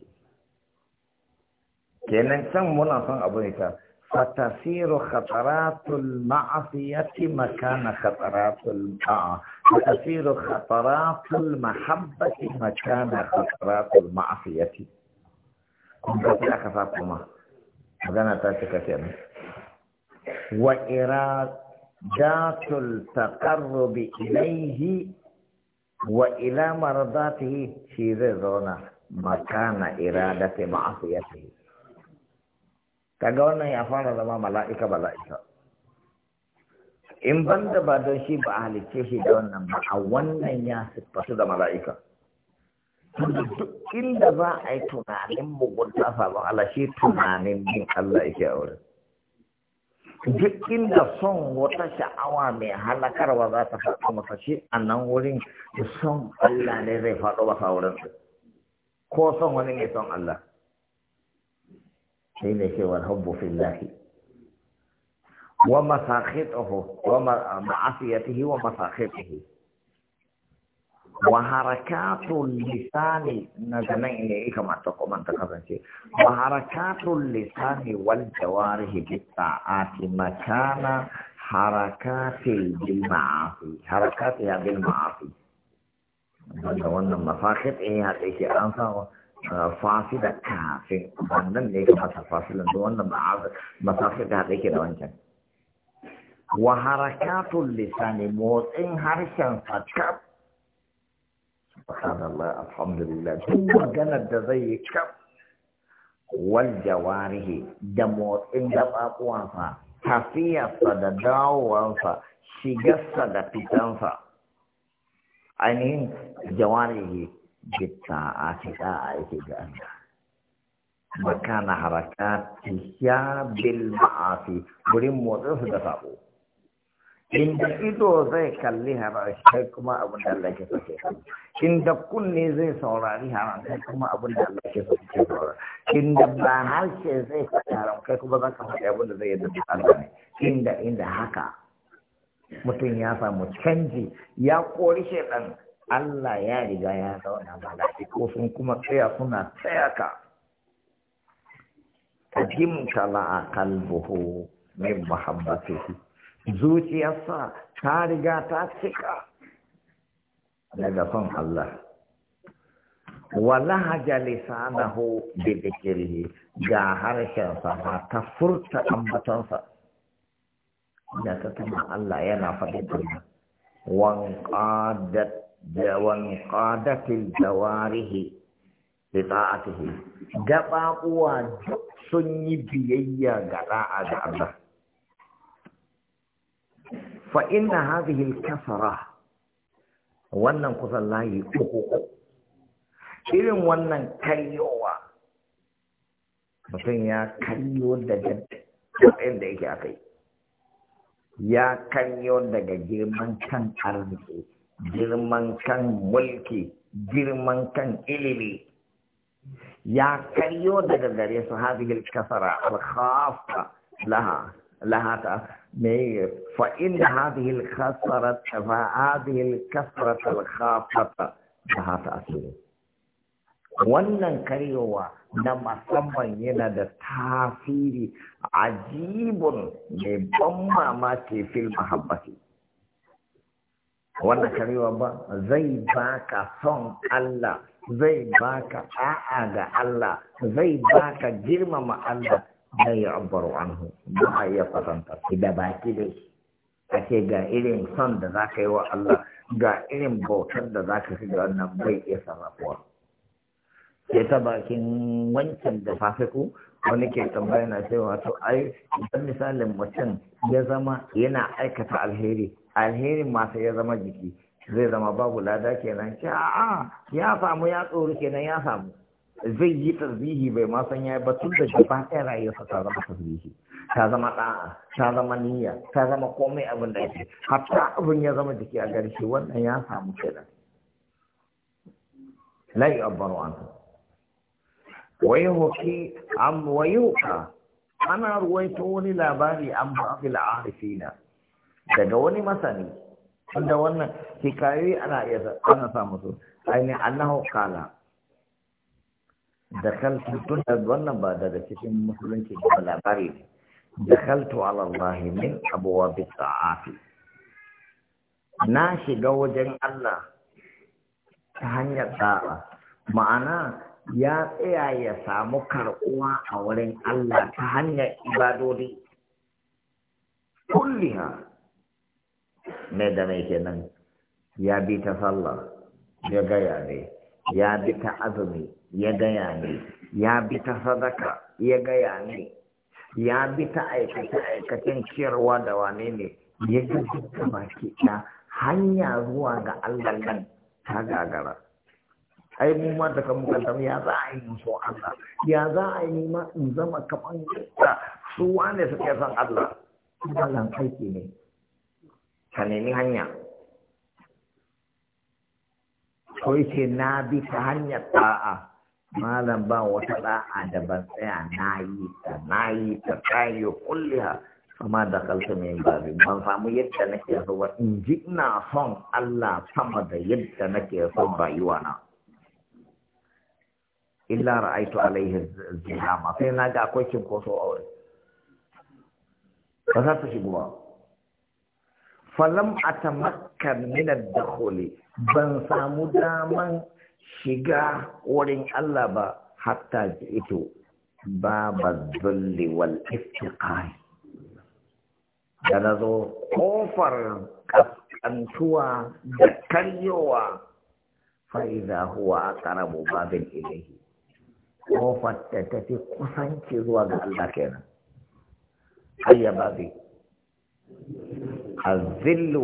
كينن سن منا سن أبو نيسا فتسير خطرات المعصية مكان خطرات المعصية فتسير خطرات المحبة مكان خطرات المعصية kuma ka sai aka sa kuma magana ta cika kenan wa iradatul taqarrubi ilayhi wa ila mardatihi shi zai zauna makana iradati ma'asiyatihi kaga wannan ya fara zama mala'ika mala'ika in banda ba don shi ba a halicce shi da wannan ba a wannan ya sifatu da mala'ika duk inda za a yi tunanin mugunta sabon Allah shi tunanin bin Allah yake a wurin duk inda son wata sha'awa mai halakarwa za ta faɗo masa shi a nan wurin da son Allah ne zai faɗo masa wurin ko son wani ne son Allah shi ne ke wal hubbu lafi. wa masakhituhu wa ma'asiyatihi wa masakhituhu wa harakatul lisani na ganin ne ya kamata kuma ta kasance wa harakatul lisani wal jawarihi bi ta'ati makana harakatil bil ma'afi harakati ya bil ma'afi wanda wannan mafakit in ya haɗe ke an samu uh, da kafi. wannan ne ka fasa fasilan da wannan mafakit ya haɗe da wancan wa harakatul lisani motsin harshen fatab سبحان الله الحمد لله دور جنة دزي كم والجواره دموت إن جب أقوانسا تفيا صدى دعو وانسا شجس صدى تتنسا أين جواره جتا آتتا آيتي جانا مكان حركات تشيا بالمعاصي بريم وضعه دفعه inda ido zai kalli haram kai kuma abin da Allah ke so ke inda kunne zai saurari haramta kai kuma abin da Allah ke so ke saurari inda ba harshe zai faɗi haramta kai kuma za ka faɗi abin da zai yadda da Allah ne inda inda haka mutum ya samu canji ya kori shaidan Allah ya riga ya zauna mala'iku sun kuma tsaya suna tsaya ka tajimta la'a kalbuhu min muhabbatihi zuciyarsa ta riga ta cika daga son Allah. Wala hajja lisanahu bi dhikrihi ga harshensa ba ta furta ambatansa. Ina ta Allah yana faɗi turma. Wan ƙadat da jawarihi bi Gaba uwa sun yi biyayya ga ra'a ga Allah. fa inna hadhihi al-kasara wannan kusan layi uku irin wannan karyowa mutum ya karyo daga matsayin da yake akai ya karyo daga girman kan arziki girman kan mulki girman kan ilimi ya karyo daga gare su hadhihi al-kasara al khafa laha laha ta مير فإن هذه فهذه الكسرة لها تأثير wannan karyowa na musamman yana da tasiri ajibun mai ban mamaki fil mahabbati wannan karyowa ba zai baka son Allah zai baka a'a ga Allah zai baka girmama Allah la ya'baru anhu ba ya kwatanta ki da baki dai a ce ga irin son da za ka yi wa Allah ga irin bautar da za ka fi ga wannan bai iya sarrafuwa Ke ta bakin wancan da safe wani ke tambaya na cewa to ai idan misalin mutum ya zama yana aikata alheri alherin masa ya zama jiki zai zama babu lada kenan ce a'a ya samu ya tsoro kenan ya samu zai yi tasbihi bai ma san yayi ba tun da gaba ɗaya rayuwarsa ta zama tasbihi ta zama ɗa'a ta zama niyya ta zama komai abin da yake hatta abin ya zama jiki a garshe wannan ya samu kenan la yu'abbaru anhu wa yuhki am wa yuqa ana ruwaito wani labari an ba'il arifina daga wani masani wanda wannan hikayoyi ana iya ana samu su ainihin annahu kala. da tun da wannan ba daga cikin musulunci ba labari ne da kaltu min abuwa bi sa'afi na shiga wajen Allah ta hanyar sa'a ma'ana ya tsaya ya samu karɓuwa a wurin Allah ta hanyar ibadodi kulliha mai da mai kenan ya bi ta sallah ya gaya ne ya bi ta azumi ya gaya ne ya bi ta sadaka ya gaya ne ya bi ta aikace-aikacen ciyarwa da wane ne ya ga duka baki ɗaya hanya zuwa ga Allah nan ta gagara ai mu ma da kan ya za a yi musu Allah ya za a yi ma in zama kaman su wane suke son Allah Allah aiki ne ka nemi hanya to yake na bi ta hanyar ta'a malam ba wata da'a da ban tsaya na yi ta na yi ta tsayo kulliha amma da kalta mai babi ban samu yadda nake so ba in ji ina son Allah sama da yadda nake son rayuwa na illa ra'aitu alaihi zilama sai na ga akwai cinkoso a wurin ba za ta shigo ba falam atamat hakkan da da ban samu daman shiga wurin Allah ba hatta ji ito ba bazzulli wal iftiqari da na zo kofar kaskantuwa da karyowa fa'iza huwa a ƙarabu babin ilahi kofar da ta fi kusanci zuwa ga Allah kenan ayya babi الذل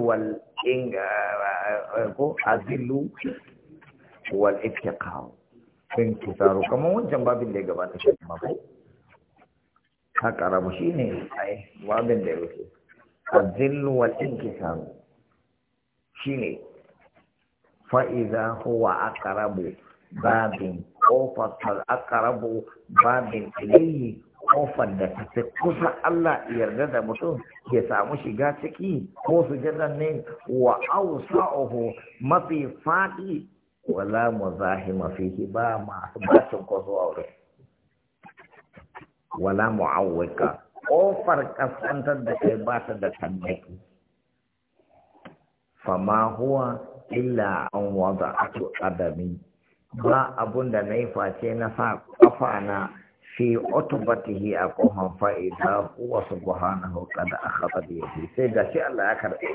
azillu wal انتصار كما وانجم kamar اللي babin da ya rabu shi ne babin da yake azillu wal inkisar shi ne fa'iza huwa akarabu babin fa aqrabu babin ilayhi kofar da ta fi kusa Allah yarda da mutum ya samu shiga ciki ko su sujadan ne wa awsa'uhu mafi faɗi wala zahi fihi ba masu bacin kwaso a wurin wala mu'awwika kofar kaskantar da kai ba ta da tannaki fama huwa illa an wada'atu adami ba abun da na yi face na sa kafa na fi utubatihi a kohon fa'ida huwa da qad akhadha ya fi. sai ga shi Allah ya karɓi.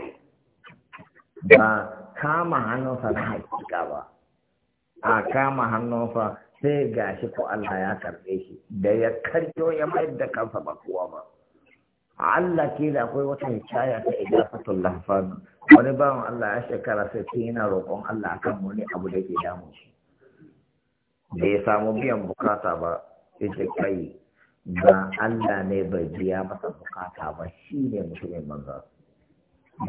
ba kama hannunsa na hakika ba a kama hannunsa sai ga shi ko Allah ya karbe shi da ya karyo ya mayar da kansa ba kowa ba Allah ke da akwai wata hikaya ta idafatul lahfan wani bawan Allah ya shekara sai yana roƙon Allah akan wani abu da ke damu shi bai samu biyan bukata ba ta kai ba Allah ne bai biya masa bukata ba shi ne mutumin manzo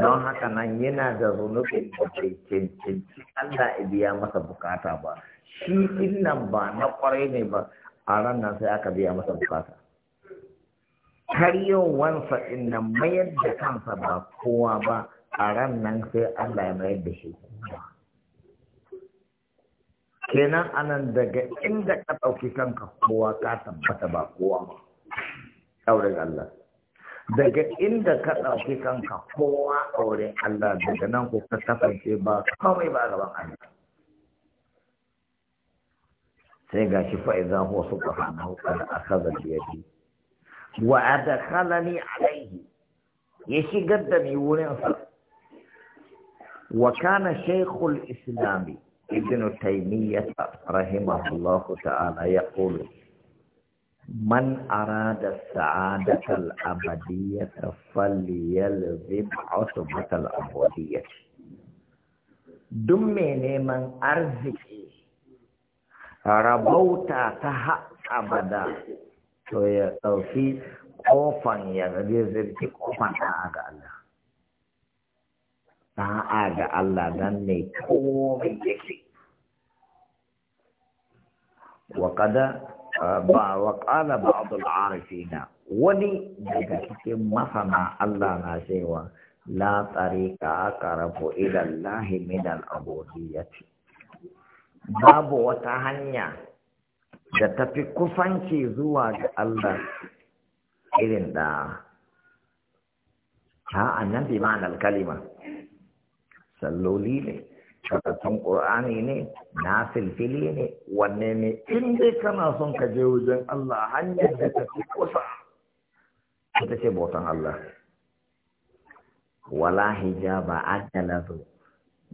don haka nan yana da zunubin da bai cancanci Allah ya biya masa bukata ba shi innan ba na kwarai ne ba a ran nan sai aka biya masa bukata har yau wansa na mayar da kansa ba kowa ba a ran nan sai Allah ya mayar da shi kowa kenan anan daga inda ka ɗauki kanka kowa ka tabbata ba kowa ba Allah daga inda ka ɗauki kanka kowa auren Allah daga nan ku ka kasance ba kawai ba gaban Allah sai ga shi fa'iza huwa su ƙafa na hukar akaza biyadi wa adakhalani alaihi ya shigar da ni wurin sa wa kana shaykhul islami Ibnu Taimiyah rahimahullahu taala yaqul Man arada sa'adat al-abadiyah falyal zib usbat al-abadiyah Dumme neman arziki rabauta ta ha abada to ya dauki kofan ya rabe zirki kofan ta ga Allah ta'a ga Allah dan ne komai yake wa kada ba wa qala ba'd al-arifina wani daga cikin masana Allah na cewa la tariqa aqrabu ila Allah min al-ubudiyyati babu wata hanya da tafi kusanci zuwa ga Allah irin da ha annan bi ma'anar kalima salloli ne karatun ƙur'ani ne na filfili ne wanne ne in dai kana son ka je wajen Allah hanyar da ta fi kusa ita ce bautan Allah wala hijaba ajalatu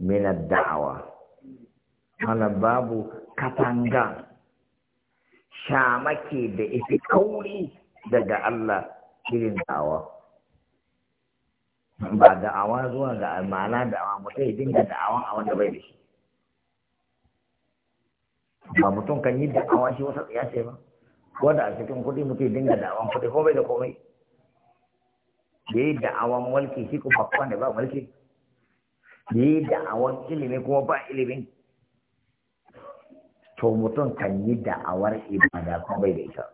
min mina hala babu katanga shamake da ifi kauri daga Allah irin da'awa ba da'awa zuwa ga ma'ana da'awa mutum ya dinga da'awan a wanda bai da shi ba mutum kan yi da'awa shi wasa ya ce ba ko da a cikin kuɗi mutum ya dinga da'awan kuɗi ko bai da komai da yi da'awan mulki shi kuma kwan da ba mulki da yi da'awan ilimi kuma ba ilimin to mutum kan yi da'awar ibada kuma bai da ita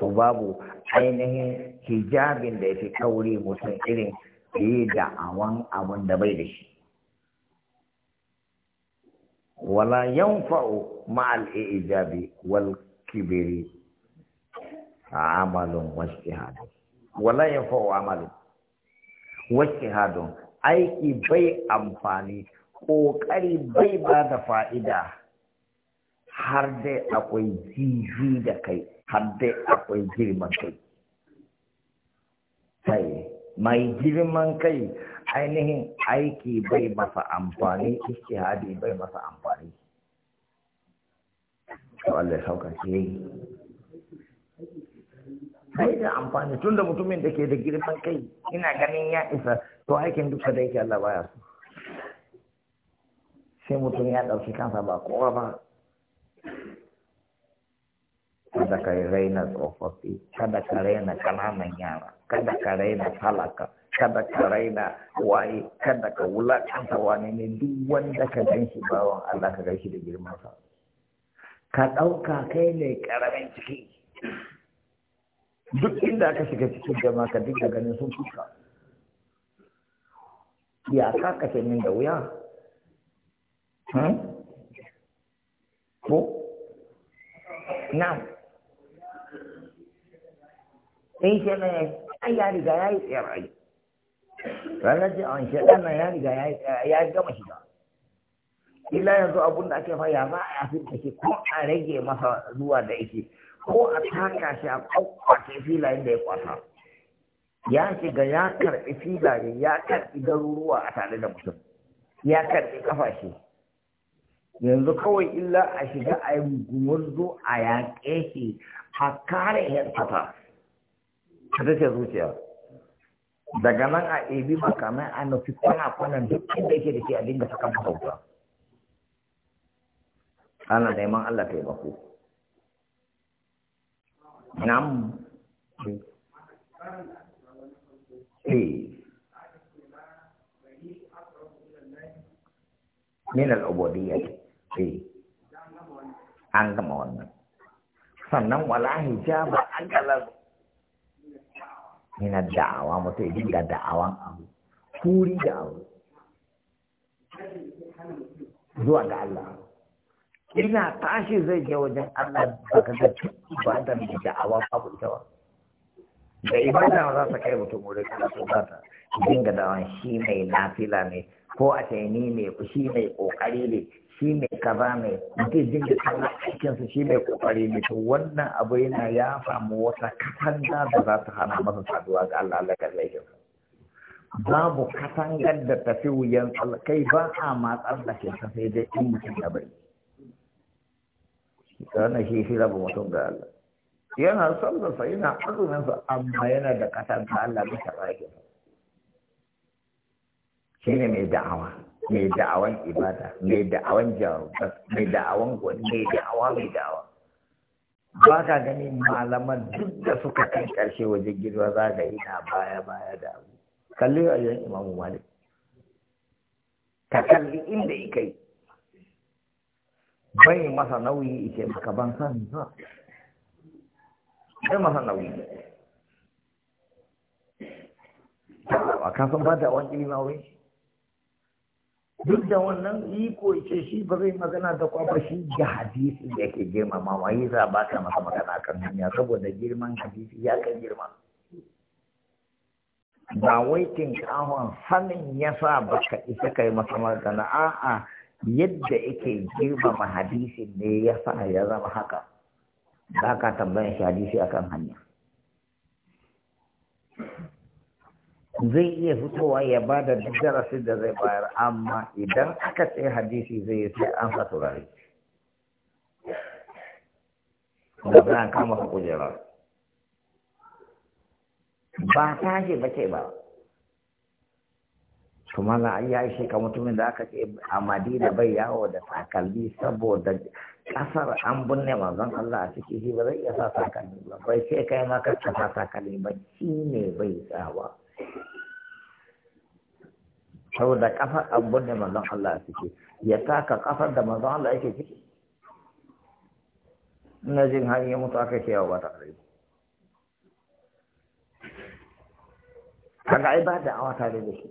to babu ainihin hijabin da ya fi kauri mutum irin yi awan abun da bai da shi wala fa’o ma'al ijabi wal kibiri wasu hadu. wala amalin wasu hadu aiki bai amfani ƙoƙari bai ba da fa'ida har dai akwai jiji da kai Hadde akwai girman kai sai mai girman kai ainihin aiki bai masa amfani istihadi bai masa amfani to Allah ya sauka ke sai da amfani tun da mutumin da ke da girman kai ina ganin ya isa to aikin duka da yake Allah baya so sai mutum ya ɗauki kansa ba kowa ba kada ka raina tsofaffi kada ka raina kananan yara kada ka palaka talaka kada ka raina waye kada ka kanta wani ne duk wanda ka gan shi Allah ka gaishe da girman sa ka dauka kai ne karamin ciki duk inda ka shiga cikin jama'a ka dinga ganin sun fuska ya ka ce min da wuya hmm? ko na in shi nan ya riga ya yi tsayar ranar ce an shaɗan nan ya riga ya yi gama shiga illa yanzu abun da ake faya za a yafi da shi ko a rage masa zuwa da yake ko a taka shi a kwakwace filayen da ya kwasa ya shiga ya karɓi filaye ya karɓi garuruwa a tare da mutum ya karɓi kafashe yanzu kawai illa a shiga a yi gumurzu a yaƙe shi a kare yan ka tace zuciya daga nan a ebi makamai a nufi kwana kwanan duk inda yake da ke a dinga sakan masauta ana neman Allah taimako nam eh min al-ubudiyyah eh an gama wannan sannan wala hijaba an kalar yana da'awa mutum idan dinga da'awan abu turi da abu zuwa ga Allah ina tashi zai je wajen Allah da ga ibada da da'awa babu ita ba da ibada za ta kai mutum wurin Allah su bata dinga da'awan shi mai lafila ne ko a ce ni ne shi mai kokari ne shi ne kaza ne mutum jin da aikinsa shi mai kokari ne to wannan abu yana ya samu wata katanga da za ta hana masa saduwa ga Allah Allah kan aikinsa babu katangar da tafi wuyan kai ba a matsar da ke sai dai in mutum ya bari wannan shi shi rabu mutum ga Allah yana sallarsa yana sa amma yana da katanga Allah bisa aikinsa shi ne mai da'awa mai da'awan ibada mai da'awan jarumta mai da'awan gwani mai da'awa mai da'awa ba ka gani malaman duk da suka kai karshe wajen girma za ka yi na baya baya da abu kalli a yan imamu malik ka kalli inda ya kai bai masa nauyi ike maka ban san zuwa bai masa nauyi a kasan ba da awon ilimin duk da wannan iko ce shi ba zai magana da kwa ba shi da hadisi da yake girmama ma yi za ba ka masa magana kan duniya saboda girman hadisi ya kai girma ba wai kawon sanin ya sa ba ka isa kai masa magana a'a yadda yake girmama hadisi ne ya sa ya zama haka ba ka tambayan shi hadisi akan hanya zai iya fitowa ya ba da darasi da zai bayar amma idan aka ce hadisi zai yi sai an sa turare da za kama ka kujera ba ta ce ba ce ba kuma na ya shi ka mutumin da aka ce a madina bai yawo da takalmi saboda kasar an binne manzon Allah a ciki shi ba zai iya sa takalmi ba bai ce kai ma ka sa takalmi ba shi ne bai tsawa saboda kafar abun da mazan Allah suke ya taka kafar da mazan Allah yake ciki ina jin har mutu aka ce ba ta ƙarfi kaga ai ba da awa tare da shi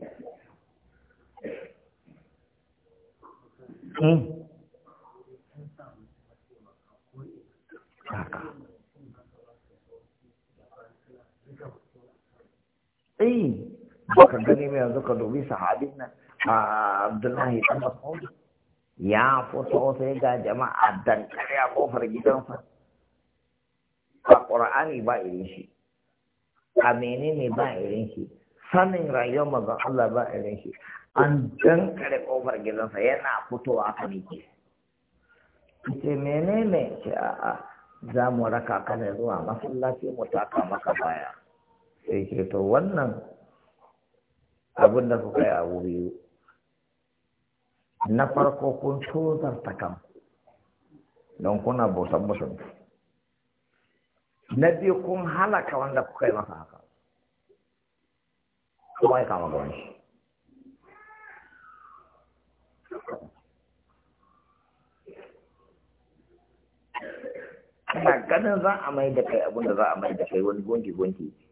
kaka hmm. eh baka gani mai yanzu ka dubi sahabin nan Abdullahi dan ya fito sai ga jama'a dankare a kofar gidansa a ƙura'ani ba irin shi a menene ba irin shi sanin rayuwar mazan Allah ba irin shi an dankare kofar gidansa yana fitowa a miƙe ce menene ce a'a za mu raka ka zuwa masallaci mu taka maka baya sai ce to wannan abin da kuka yi abu biyu na farko kun ta kan don kuna bautan busan na biyu kun halaka wanda kuka yi masa haka kuma ya kama gaban shi ganin za a mai da kai abin da za a mai da kai wani gongi-gongi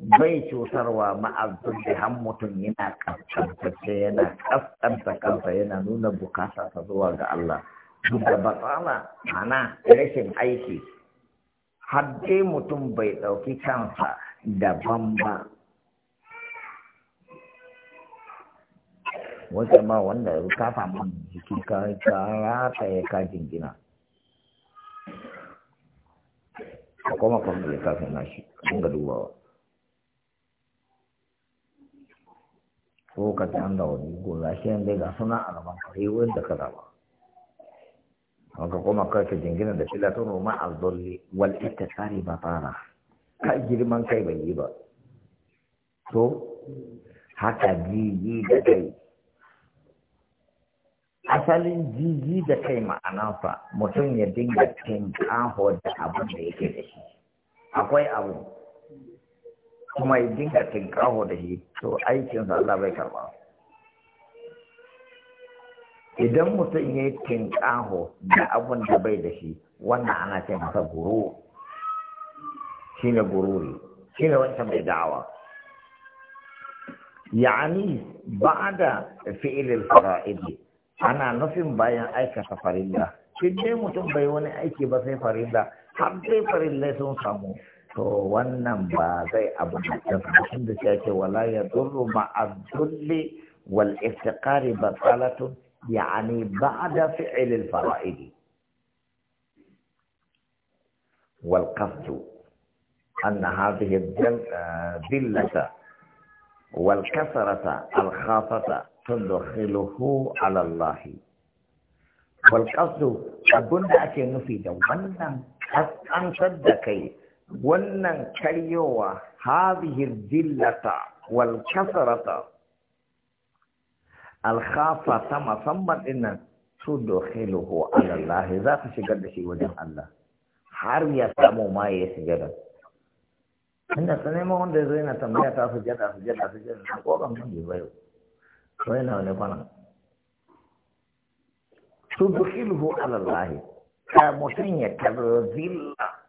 bai cutarwa ma'azzin da han mutum yana kaskantacce yana kaskanta kansa yana nuna bukata ta zuwa ga Allah duk da batsala ana rashin aiki har dai mutum bai ɗauki kansa daban ba wata ma wanda ka samu jiki ka rata ya ka jingina ka kuma kwamfani kafin nashi ga dubawa ko ka an da wani goza shi yan dai ga suna a gaban ka yi wurin da ka zaba haka kuma kai ka jingina da fila tono ma a zolli wal ita tsari ba fara ka girman kai bai yi ba to haka jiji da kai asalin ji yi da kai fa, mutum ya dinga tinkaho da abin da yake da shi akwai abu kuma ya dinga tinkaho da shi to aikinsa Allah bai karba idan mutum ya yi tinkaho da abun da bai da shi wannan ana ce masa guru shi ne gururi shi ne wancan mai da'awa ya'ani ba da fi'ilil fara'idi ana nufin bayan aikata farilla shi dai mutum bai wani aiki ba sai farilla har sai farilla sun samu to wannan ba zai abu da tun da ce wala ya zurru azulli wal iftiqari batalatun yani ba'da fi'l al fara'id wal qasd anna hadhihi al dillata wal kasrata al khafata tudkhiluhu ala Allah wal qasd abunda ake nufi da wannan an sadda kai wannan karyowa hazihir dillata wal kasarata al khafa ta musamman dinnan tudkhiluhu ala Allah za ka shigar da shi wajen Allah har ya samu ma ya shiga da ina sanai ma wanda zai na tambaya ta sujada sujada sujada ko ban mun bai ko yana wani kwana tudkhiluhu ala Allah ka mutum ya zilla.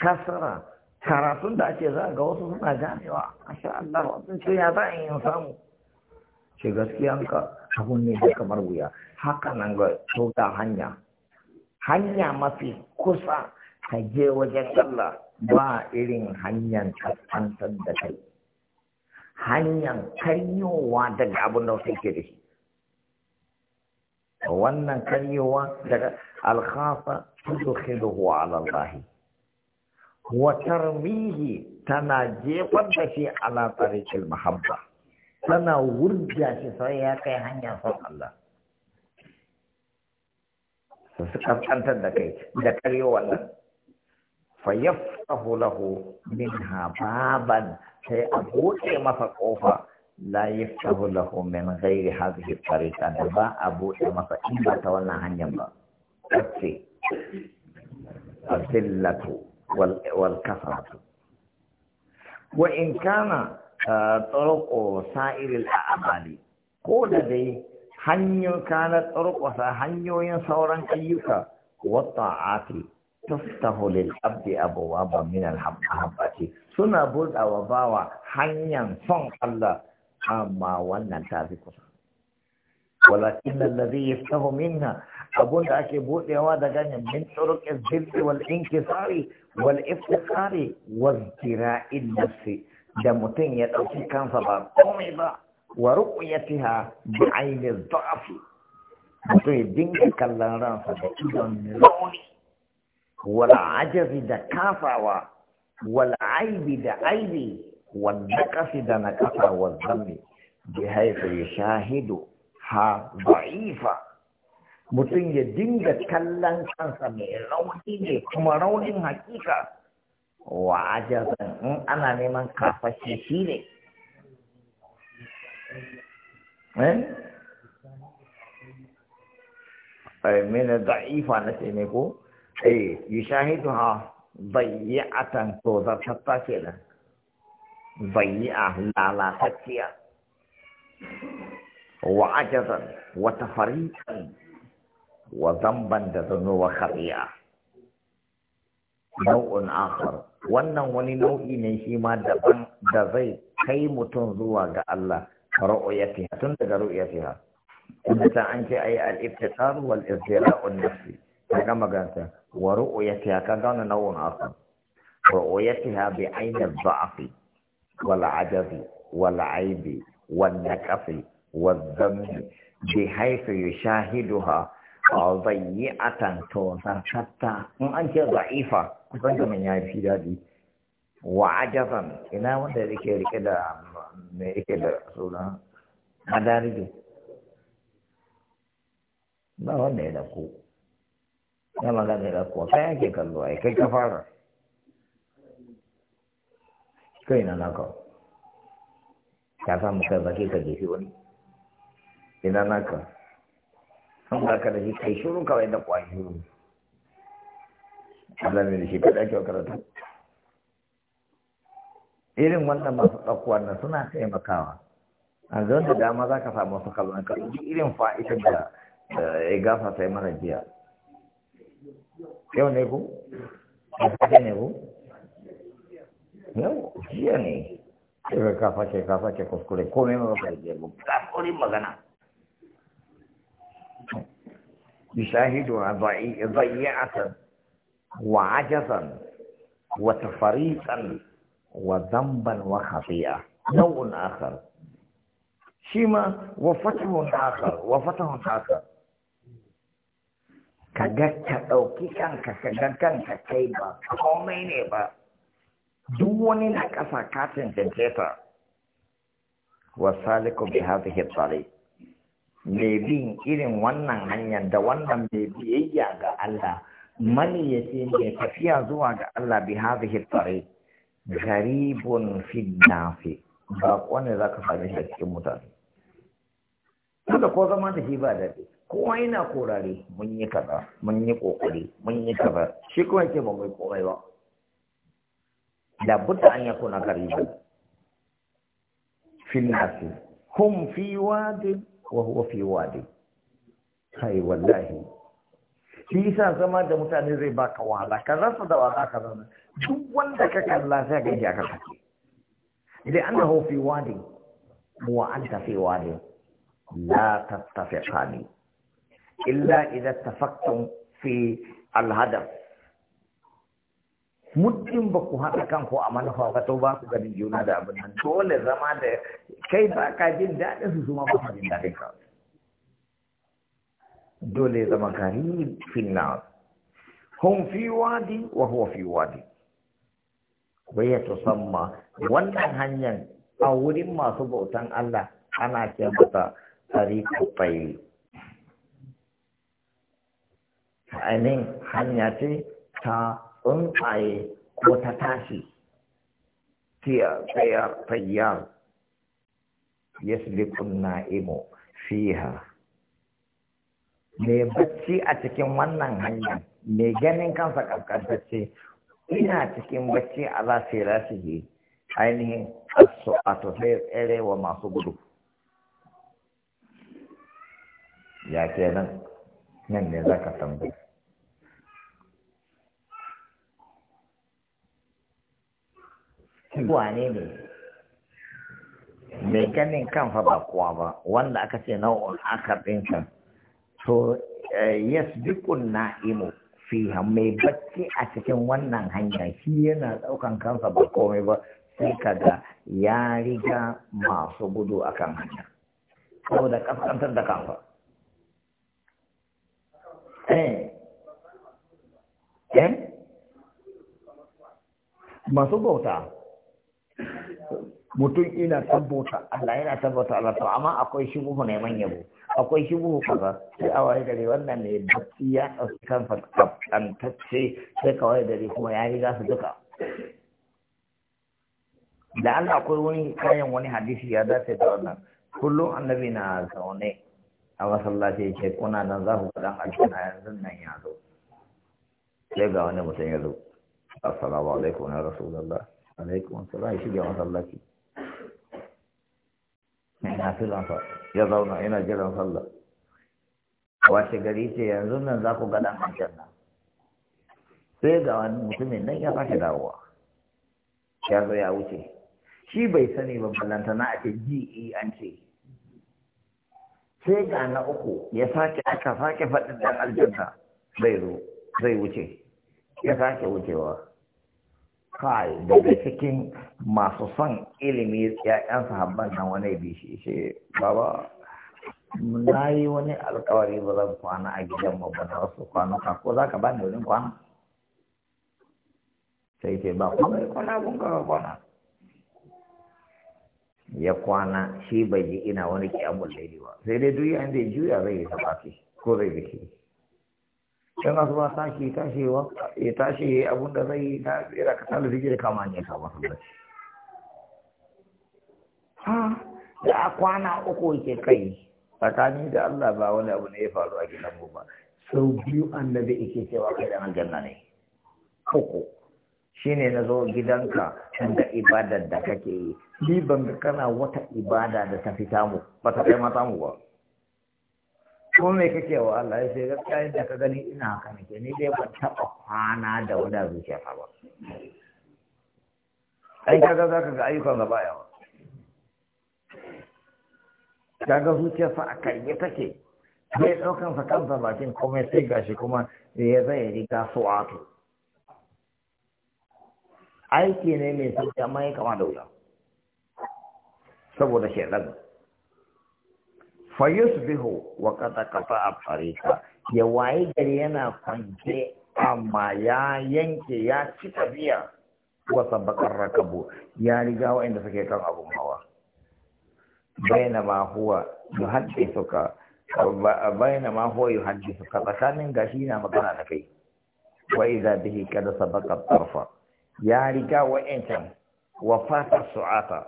kasara karatun da ake za ga wasu suna ganewa sha Allah wasu ce ya za a yin samu ce gaskiya ka abun ne da kamar wuya haka nan ga sauka hanya hanya mafi kusa ka je wajen Allah ba irin hanyar kaskantar da kai hanyar karyowa daga abin da wasu ke da shi wannan karyowa daga alkhafa tudkhiluhu ala Allah وترميه تنا جيفر شيء على طريق المحبة تنا ورجع شيء سياك هنيا صلى الله أنت دكي دكري ولا فيفتح له منها بابا سيأبوك مسقوفا لا يفتح له من غير هذه الطريقة دبا أبوك مسقوفا إلا تولى هنيا تفسي الذلة wal kasratu wa in kana eh, tsarko sa'iril a'amali ko da dai hanyoyin kana tsarko hanyoyin sauran ayyuka wa ta'ati taftahu lil abdi abwaaba min al habbati suna buɗawa bawa hanyar son Allah amma wannan tafi kusa ولكن الذي يفتح منها أبون دعك يا يوادا جاني من طرق الزلط والانكسار والافتقار وازدراء النفس ده متين يتوكي كان صبر قومي بقى ورؤيتها بعين الضعف متين دينك كلا رانسا ده إذن لوني والعجز ده كافوا والعيب ده عيبي والنقص ده نقص والظلم بحيث يشاهد ha ba'ifa mutum ya dinga kallon kansa mai rauni ne kuma raunin hakika wa ajazan in ana neman kafashe shi ne eh, eh mena da'ifa na ce ne ko eh yushahidu ha bayyatan to zartatta kenan a lalatacciya وعجزا وتفريقا وذنبا وخطيئة خطيئة نوع آخر wannan wani nau'i ne shi ma daban da zai kai mutum zuwa ga Allah ru'yatiha tun daga ru'yatiha inda ta an ce ayi al-iftisar wal izdira'un nafsi kaga maganta wa ru'yatiha kaga wannan nau'in akhar ru'yatiha bi aini al-da'fi wal ajazi wal aibi wal naqfi والذنب بحيث يشاهدها ضيئة توزرتها وأنت ضعيفة كنت من يعني في ذلك وعجبا إلى وانت ذكر كده ذكر رسولها مدارجه ba wanda ya dauko ya magana ya dauko kai ake kallo ai kai ka fara kai na naka ka samu kai baki ka jefi wani ina naka sun ba da shi kai shuru kawai da kwa shuru Allah ne da shi kada ke karatu irin wannan masu ɗaukuwa nan suna taimakawa a zan da dama za ka samu su kallon ka irin fa'ita da ya gafa sai mara jiya yau ne ku? yau ne ku? yau jiya ne ka kafa ke kafa kuskure komai ma baka yi jiya ba magana يشاهدها ضيعة وعجزا وتفريطا وذنبا وخطيئة نوع آخر شيما وفتح آخر وفتح آخر kaga ka ɗauki kanka ka ga kanka kai ba komai ne ba duk wani na ƙasa ka cancance ta wasaliku bi hadhihi tsari mai bin irin wannan hanyar da wannan mai biyayya ga Allah Mani ya ce mai tafiya zuwa ga Allah bi hadhihi tariq garibun fidnafi ba ba za ka sami shi a cikin mutane kada ko zama da shi ba daɗi kowa yana korare mun yi kaza mun yi kokari mun yi kaza shi kuma yake ba mai komai ba da budda an na garibun fidnafi hum fi wadin wa huwa fi wadi kai wallahi shi isa zama da mutane zai baka wahala ka rasa da wahala ka zama. duk wanda ka kalla sai ga ya ka kace idan annahu fi wadi wa anta fi wadi la tattafiqani illa idza tafaqtum fi al-hadaf muddin ba ku haɗa kanku a manufa ba to ba ku ganin juna da abin nan dole zama da kai ba ka jin daɗin su zuma ba ka jin daɗin ka dole zama gari finna hun fi wadi wa huwa fi wadi bai ya tusamma wannan hanyar a wurin masu bautan Allah ana ce mata tariku bai ainihin hanya ce ta tsuntsaye ko ta tashi tiyar ya tayyar kunna Imo fiha mai bacci a cikin wannan hanya mai ganin kansa kankantacce ina cikin bacci a za su yi ainihin a tafai tsere wa masu gudu ya ke nan ne za ka tambaya wane ne mai ganin fa ba kuwa ba wanda aka ce nau'un aka ɗinka to eh, yasbiqun na'imu fiha mai bacci a cikin wannan hanya shi yana ɗaukan kansa ba komai ba sai kaga ya riga masu gudu kan hanya saboda kaskantar da kansa da eh. eh? masu bauta mutum ina tabbata Allah yana tabbata Allah to amma akwai shubuhu manya yabo akwai shubuhu kaza sai a waye gare wannan ne bacci ya ɗauki kansa kaskantacce sai ka waye gare kuma ya riga su duka da Allah akwai wani kayan wani hadisi ya dace da wannan kullum annabi na zaune a masallaci ya ce kuna nan za ku faɗan aljanna yanzu nan ya zo sai ga wani mutum ya zo assalamu alaikum ya rasulullah alaikum salam ya shige masallaci ina filansa ya zauna ina jiran sallah washe gari ce yanzu nan za ku gaɗa hancan nan sai ga wani mutumin nan ya fashe dawowa ya zo ya wuce shi bai sani ba ballanta na ake ji an ce sai ga na uku ya sake aka sake faɗin ɗan aljanna zai zo zai wuce ya sake wucewa kai daga cikin masu son ilimi ƴaƴan sahabban nan wani bi shi ce baba na yi wani alkawari ba zan kwana a gidan mu ba na wasu kwanuka ko za ka ba ni wurin kwana sai ce ba kuma kwana kun ka kwana ya kwana shi bai ji ina wani kiyamun dai ba sai dai duk yayin da juya zai yi sabaki ko zai biki in asuba tashi tashewa ya tashi ya yi abin da zai na tsira ka tsala kama ne ka masu zai ha da a kwana uku ke kai tsakani da Allah ba wani abu ne ya faru a gidan mu ba sau biyu annabi yake cewa kai dan aljanna ne uku shine na zo gidanka can da ibadar da kake yi ni ban kana wata ibada da ta fita mu ba ta kai mata mu ba ko me kake wa Allah sai gaskiya yadda ka gani ina haka nake ni dai ban taɓa kwana da wani zuciya ta ba ai kaga za ka ga ayyukan gaba yawa kaga zuciya fa a karye take bai ɗaukan sa kansa bakin komai sai gashi kuma ya zai riga su aiki ne mai sauki amma ya kama da wuya saboda shekaru Bihu wa qad qata'a tariqa ya waye gari yana kwance amma ya yanke ya ci tafiya wa bakar rakabu ya riga wa'anda suke kan abun hawa bainama huwa yuhaddithuka bainama huwa yuhaddithuka tsakanin gashi na magana da kai wa idza bihi kada sabaqa tarfa ya riga wa'ancan wa fata su'ata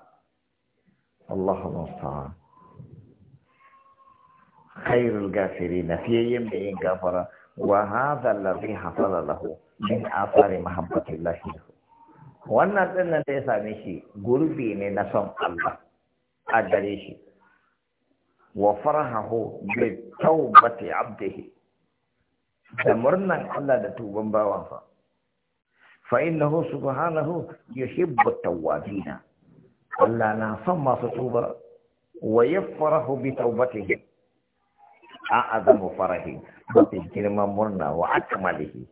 Allahu musta'an khairul gafirin fiyayyen da yin gafara wa hadha allazi hasala lahu min athari mahabbatillahi wannan din nan da ya same shi gurbi ne na son Allah a gare shi wa farahahu bi tawbati abdihi da murnan Allah da tuban bawansa fa innahu subhanahu yuhibbu tawwabina Allah na son masu tuba wa yafrahu bi tawbatihim a'azamu farahi bi girma murna wa akmalihi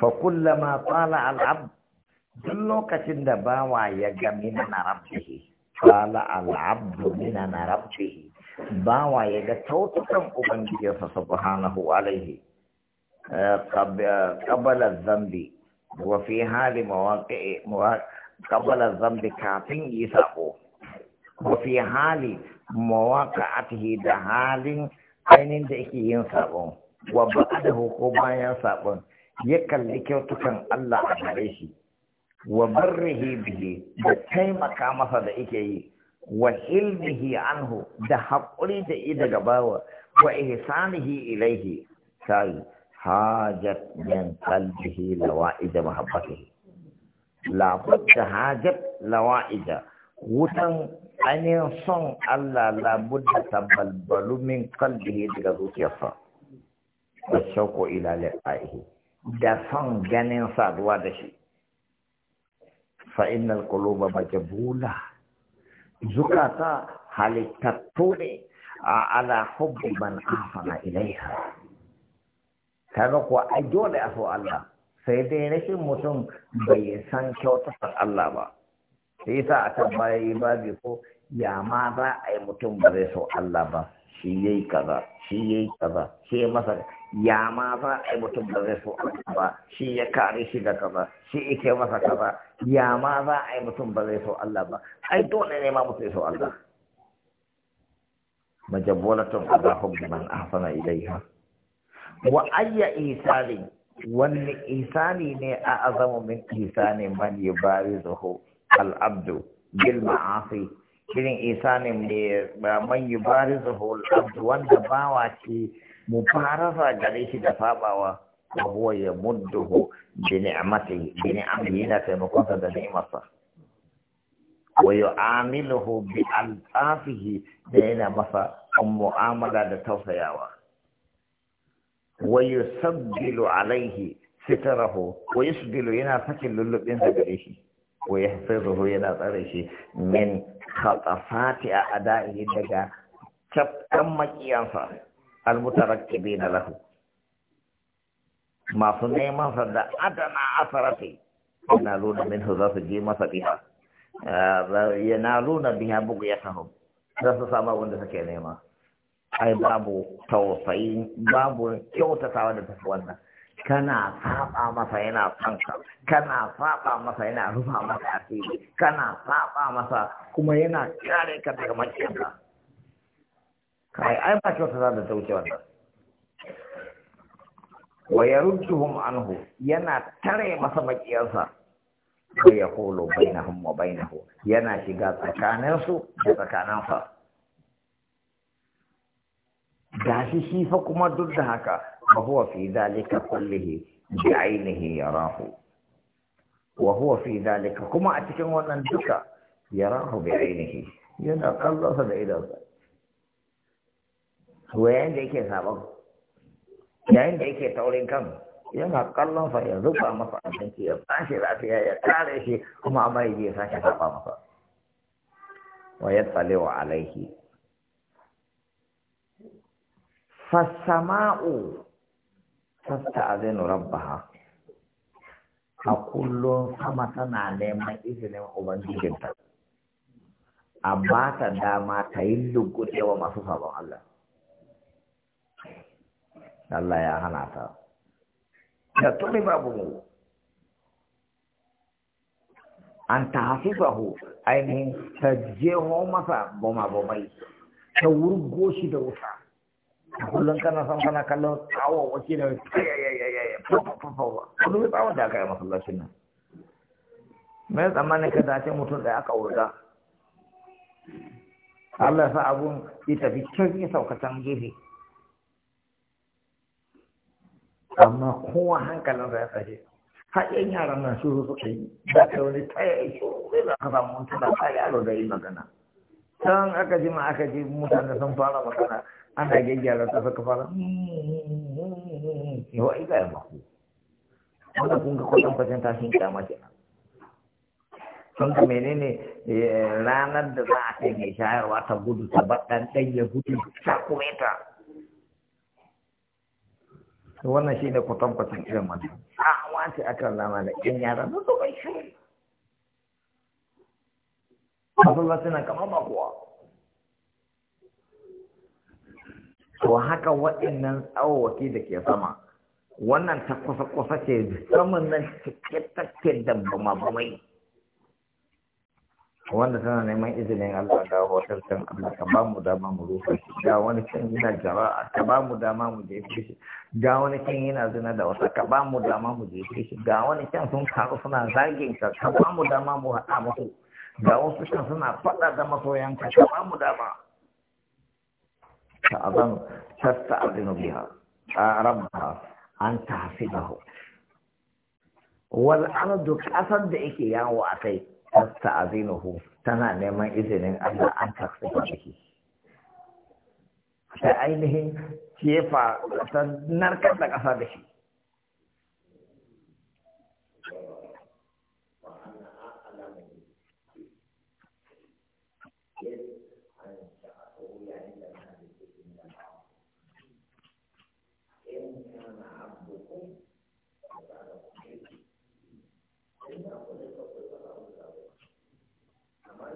fa kullama tala al'ab duk lokacin da bawa ya ga mina na rabbihi tala al'ab mina na rabbihi bawa ya ga tautukan ubangijinsa subhanahu alaihi qabala dhanbi wa fi hali mawaqi'i qabala dhanbi kafin yi sabo wa fi hali mawaqi'atihi da halin ainihin da yake yin sabon wa ba'dahu ko bayan sabon ya kalli kyautukan Allah a gare shi wa barrihi bihi da taimaka masa da yake yi wa ilmihi anhu da haƙuri da yi daga bawa wa ihsanihi ilaihi kai hajat min qalbihi lawa'id mahabbatihi la hajat lawa'id wutan yi son Allah labudda tabbalbalu min kalbihi daga zuciyarsa da shauko ila liqa'ihi da son ganin saduwa da shi fa ba quluba majbula zukata halittattu ne ala hubbi afana ilaiha kaga ko a dole a so Allah sai dai rashin mutum bai san kyautar Allah ba sai yasa a kan baya ba babi ko ya ma za a yi mutum ba zai so Allah ba shi ya yi kaza shi ya yi kaza shi ya masa ya ma za a yi mutum ba zai so Allah ba shi ya kare shi ga kaza shi yake masa kaza ya ma za a yi mutum ba zai so Allah ba ai dole ne ma mutum so Allah majabwalatun azahum man ahsana ilaiha wa ayya isali wani ihsani ne a azamu min isani man yubarizuhu al'abdu bil ma'asi irin isa ne man yi bari abdu wanda bawa ce mubarasa gare shi da fabawa wa huwa ya mudduhu bi ni'mati bi ni'amihi na taimakonsa da ni'imarsa wa yu'amiluhu bi al'afihi da yana masa mu'amala da tausayawa wa yusabbilu alaihi sitarahu wa yusbilu yana sakin lullubin sa gare shi wa yahfazuhu yana tsare shi min khatafati a ada'ihi daga cafkan makiyansa almutarakkibina lahu masu neman sa da adana asarati yana nuna minhu su je masa biha yana nuna biha bugu ya sahu za su samu wanda suke nema ai babu tausayi babu da tafi kana saba masa yana son ka kana saba masa yana rufa masa asiri kana saba masa kuma yana kare ka daga maciyanka kai ai ba kyauta za da tauce wannan wa yarudduhum anhu yana tare masa makiyansa ya yaqulu bainahum wa bainahu yana shiga tsakaninsu da tsakaninsa gashi shi fa kuma duk da haka ba huwa fi zalika kullihi bi ainihi yarahu wa huwa fi zalika kuma a cikin wannan duka yarahu bi ainihi yana sa da sa, wayan da yake sabon yayin da yake taurin kan yana sa ya zuba masa abinci ya bashi lafiya ya kare shi kuma amma ya ya sake saba masa wa ya alaihi fassama'u tasta'zinu rabbaha a kullum sama tana neman izinin ubangijinta a ba ta dama ta yi lugude wa masu sabon Allah Allah ya hana ta da tuni babu mu an ta hafifahu ainihin ta jeho masa goma gomai ta wurgo goshi da wuta kullum kana son kana kallon tsawon wake da kudu Kullum tsawon da aka yi masallacin nan mai tsammanin ka dace mutum da aka wurga Allah sa abun ya tafi can ya saukatan gefe amma kowa hankalin ya tsaje har yan yaran nan shuru suka yi da kai wani taya shuru zai za ka samu mutum da ta yaro da yi magana can aka ji ma aka ji mutane sun fara magana ana gyaggyara ta suka fara yawa ita ya maku wanda kun ga kwatan fashin tashin kyama ke nan sun ka menene eh, ranar da za a kai mai shayarwa ta gudu ta baɗan ɗan ya gudu ta kuma ta wannan shi ne kwatan fashin irin wannan a wace akan lama da ƴan yara na zuban shi ba suna kama ba kuwa to haka waɗannan tsawawaki da ke sama wannan ta kusa-kusa ce saman nan cike-take da bama-bamai wanda tana neman izinin Allah ga hotel can Allah ka ba mu dama mu rufe shi ga wani can yana jara'a ka ba mu dama mu fi shi ga wani can yana zina da wata ka ba mu dama mu fi shi ga wani can sun karu suna zagin ka ka ba mu dama mu haɗa musu ga wasu shan suna faɗa da masoyanka ka ba mu dama ta'azan tasta azinu biya a rabba an tahsibahu wal ardu kasar da yake yawo a kai tasta hu, tana neman izinin Allah an da shi ta ainihin kefa ta narkar da kasa da shi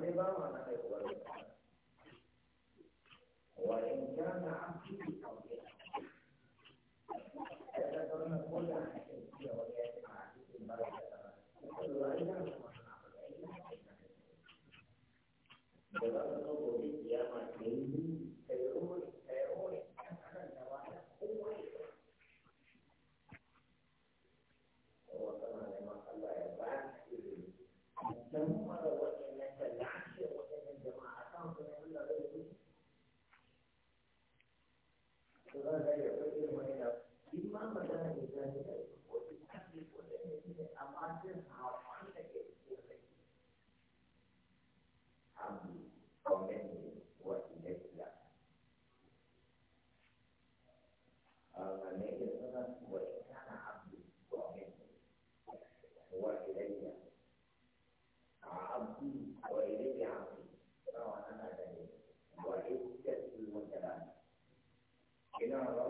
ne ba ma na haihuwar da wa in kana an fi kauye da ta na koda a cikin ciya wani ya ce a cikin ba da ta ba da ba down.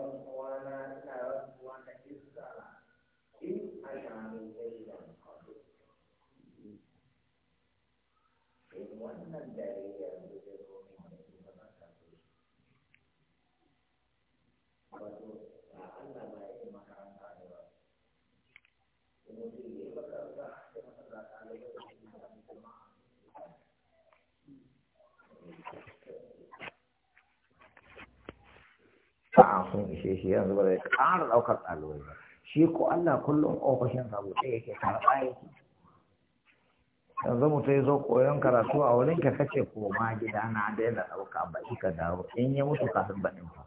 sa'a sun ishe shi yanzu ba zai ƙara ɗaukar ɗalibai ba shi ko Allah kullum ofishin sa buɗe yake karɓa yake yanzu mutum ya zo koyon karatu a wurin ka kace koma gida na daina ɗauka ba shi ka dawo in ya mutu kafin baɗin fa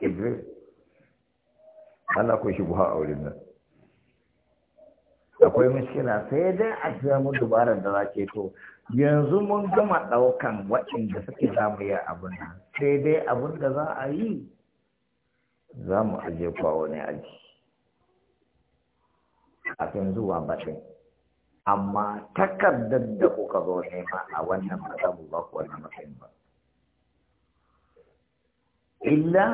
Idris Allah ko shi buha a wurin nan akwai miskila sai dai a cikin mu dubaran da za ke to yanzu mun gama ɗaukan waɗanda suke za abin nan sai dai abin da za a yi za mu aje kwawo wani aji kafin zuwa baɗin amma takardar da kuka zo nema a wannan ba ba ku wannan matsayin ba illa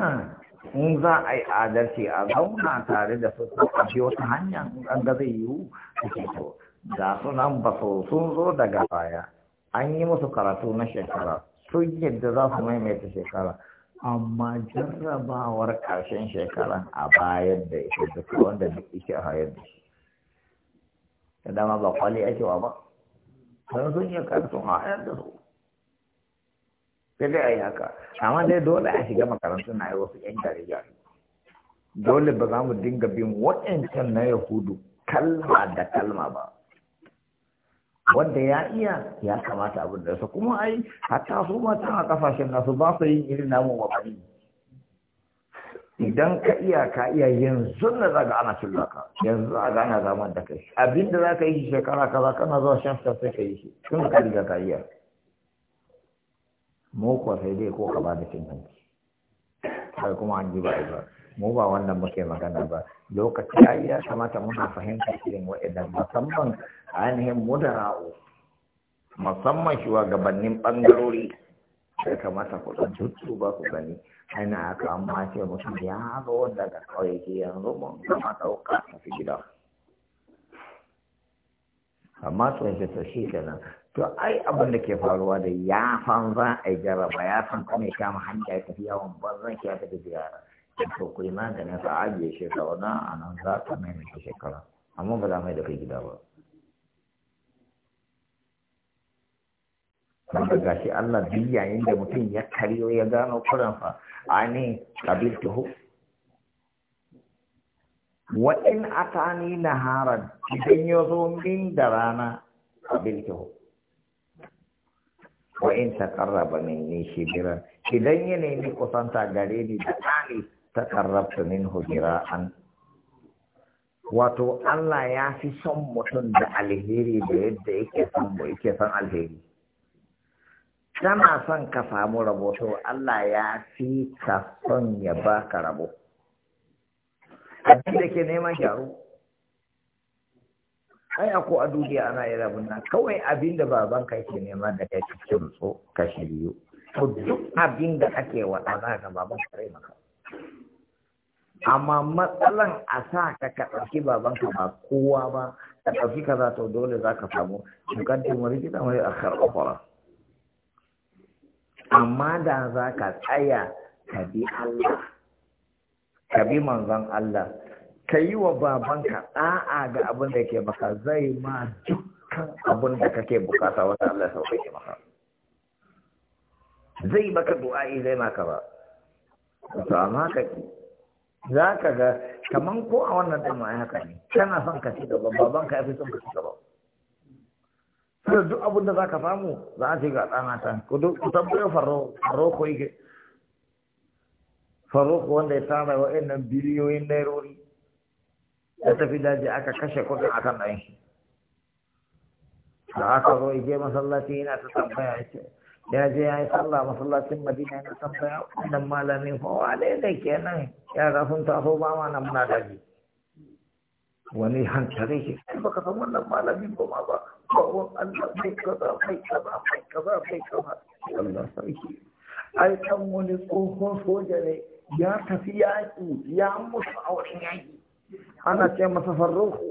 in za a yi adalci a zauna tare da su ko a wata hanya in an ga zai yiwu kuke ga sunan ba sun zo daga baya an yi musu karatu na shekara sun yadda za su maimaita shekara amma jarrabawar karshen shekara a bayan da ita duk wanda duk ike a hayar da shi da dama ba kwali ake wa ba sun sun yi karatun a hayar da su sai dai a yi haka amma dai dole a shiga makarantun na yi wasu yan gyare dole ba za mu dinga bin waɗancan na yahudu kalma da kalma ba wanda ya iya ya kamata abin da su kuma ai hatta su ma a kafashin nasu ba su yin irin namu mabari idan ka iya ka iya yanzu na zaga ana cilla ka yanzu a gana zaman da kai abin da za ka yi shekara kaza kana zuwa shan sai ka yi shi tun ka riga ka iya mu kuwa sai dai ko ka ba da cin hanci kai kuma an ji ba ba mu ba wannan muke magana ba lokaci ya kamata muna fahimta irin wa'idan musamman ainihin mudara'u musamman gabannin bangarori sai kamata ku ɗan tuttu ba ku gani ana aka amma ce mutum ya zo daga kawai ke yanzu mun gama ɗauka fi gida amma to yanzu ta shi kenan to ai abin da ke faruwa da ya fan za a yi jaraba ya san kuma ya kama hanya ya tafi yawon ban zan ya tafi ziyara to ku yi maganin sa aje shi ka a nan za ta maimaita shekara amma ba za mai da kai gida ba wanda gashi Allah bi yayin da mutum ya karyo ya gano fa, a ne kabiltuhu wa in atani naharan idan ya zo min da rana kabiltuhu wa in taqarraba minni shibran idan ya nemi kusanta gare ni da ne. taƙarrabta minhu an. wato Allah ya fi son mutum da alheri da yadda yake son mu yake son alheri kana son ka samu rabo to Allah ya fi ka son ya baka rabo abin da ke neman gyaro ai ako a duniya ana yi rabin nan kawai abinda da baban ka yake nema da kai cikin so ka shiryu to duk abin da kake wa ga baban ka rai maka amma matsalan a sa ka ka ɗauki babanka ba kowa ba ka ɗauki kaza to dole za ka samu shukantin wani gida wani a karɓa fara amma da za ka tsaya ka bi Allah ka bi manzon Allah ka yi wa babanka ɗa'a ga abin da ke maka zai ma dukkan abin da kake bukata wata Allah sauƙi ke maka zai baka du'a'i zai maka ba to amma ka za ka ga kaman ko a wannan ɗin ma haka ne kana son ka ci gaba baban ka fi son ka ci gaba sai duk abin da za ka samu za a ce ga ɗana ta ku duk ku tambaye faro ko yake faro ko wanda ya tara nan biliyoyin nairori ya tafi daji aka kashe kuɗin a ɗan shi da aka zo ya je masallaci yana ta tambaya ya ce ya je ya yi sallah masallacin madina na tambaya wannan malamin fawa daidai kenan yara sun taso ba ma nan muna daji wani hantare shi sai baka san wannan malamin ba ma ba bawon allah mai kaza mai kaza mai kaza mai kaza allah sarki ai kan wani tsohon soja ne ya tafi yaƙi ya musu a wurin yaƙi ana ce masa farruku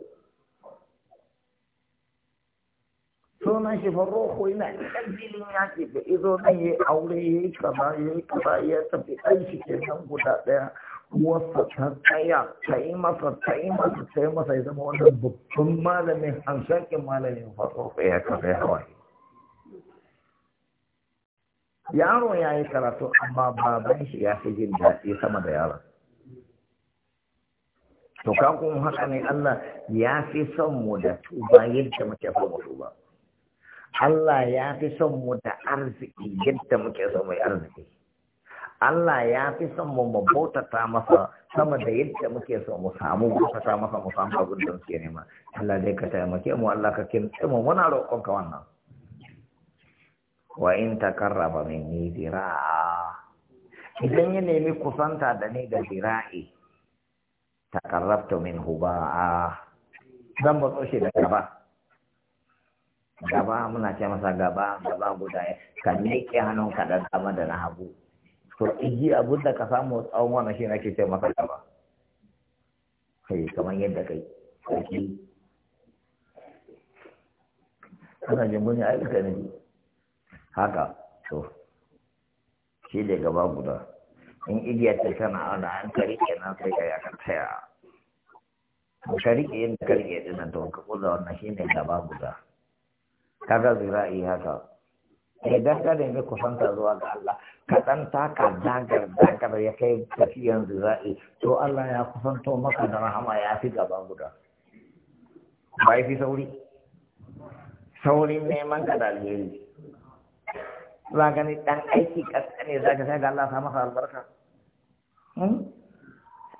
sunan shi farko yana kan filin yaki da izo nan ya aure ya yi ya yi ya tafi ɗan shi ke nan guda ɗaya wasa ta tsaya ta yi masa ta yi masa ta yi masa ya zama wannan babban malamin hanshakin malamin farko ya kafa ya hawa. yaro ya yi karatu amma baban shi ya fi jin daɗi sama da yaron to kakun haka ne Allah ya fi son mu da tuba yadda muke fa mu ba? Allah ya fi son mu da arziki yadda muke son mai arziki Allah ya fi son mu mu bautata masa sama da yadda muke so mu samu bautata masa mu samu abin da muke nema Allah dai ka taimake mu Allah ka kimtse mu muna roƙon ka wannan wa in takarraba ni zira'a idan ya nemi kusanta da ni da zira'i karrabta min huba'a zan ba tsoshe da ba. gaba muna ce masa gaba gaba guda ka miƙe hannun ka da dama da na hagu to iji abin da ka samu tsawon wannan shi nake ce masa gaba kai kamar yadda kai kai kana jin muni ai ka ne haka to shi da gaba guda in igiyar ta tana ana an kari kenan sai ka ka taya ka rike yadda ka rike dinan to ka kuza wannan shine gaba guda kaga zira'i haka idan eh, ka nemi kusanta zuwa ga Allah ka dan taka dagar dagar ya kai tafiyan zira'i to Allah ya kusanto maka da rahama ya fi gaba guda ba fi sauri saurin neman ka da alheri za gani dan aiki kaskane za ka sai ga Allah sa maka albarka hmm?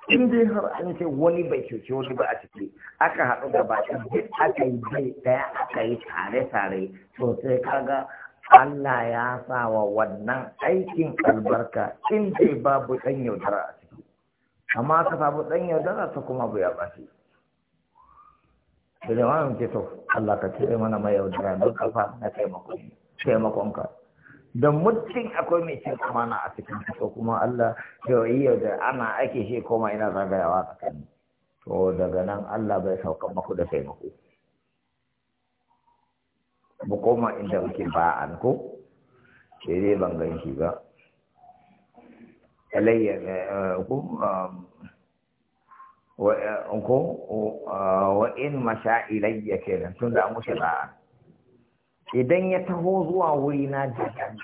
in dai har an ce wani bai cuci wani ba a ciki aka haɗu da bakin duk aka yi bai ɗaya aka yi tare-tare sosai sai kaga Allah ya sa wa wannan aikin albarka in dai babu ɗan yaudara a ciki amma ka samu ɗan yaudara ta kuma bai ya ɓace da jama'a ce to Allah ka cire mana mai yaudara don kafa na taimakon taimakonka da mutum akwai mai cin amana a cikin ko kuma Allah ya yi da ana ake shi koma ina zagayawa tsakani to daga nan Allah bai sauka maku da taimako mu koma inda muke an ko sai dai ban gan shi ba alayya eh, ku um, eh, uh, wa in masha ilayya kenan tunda an mushe ba. idan ya taho zuwa wuri na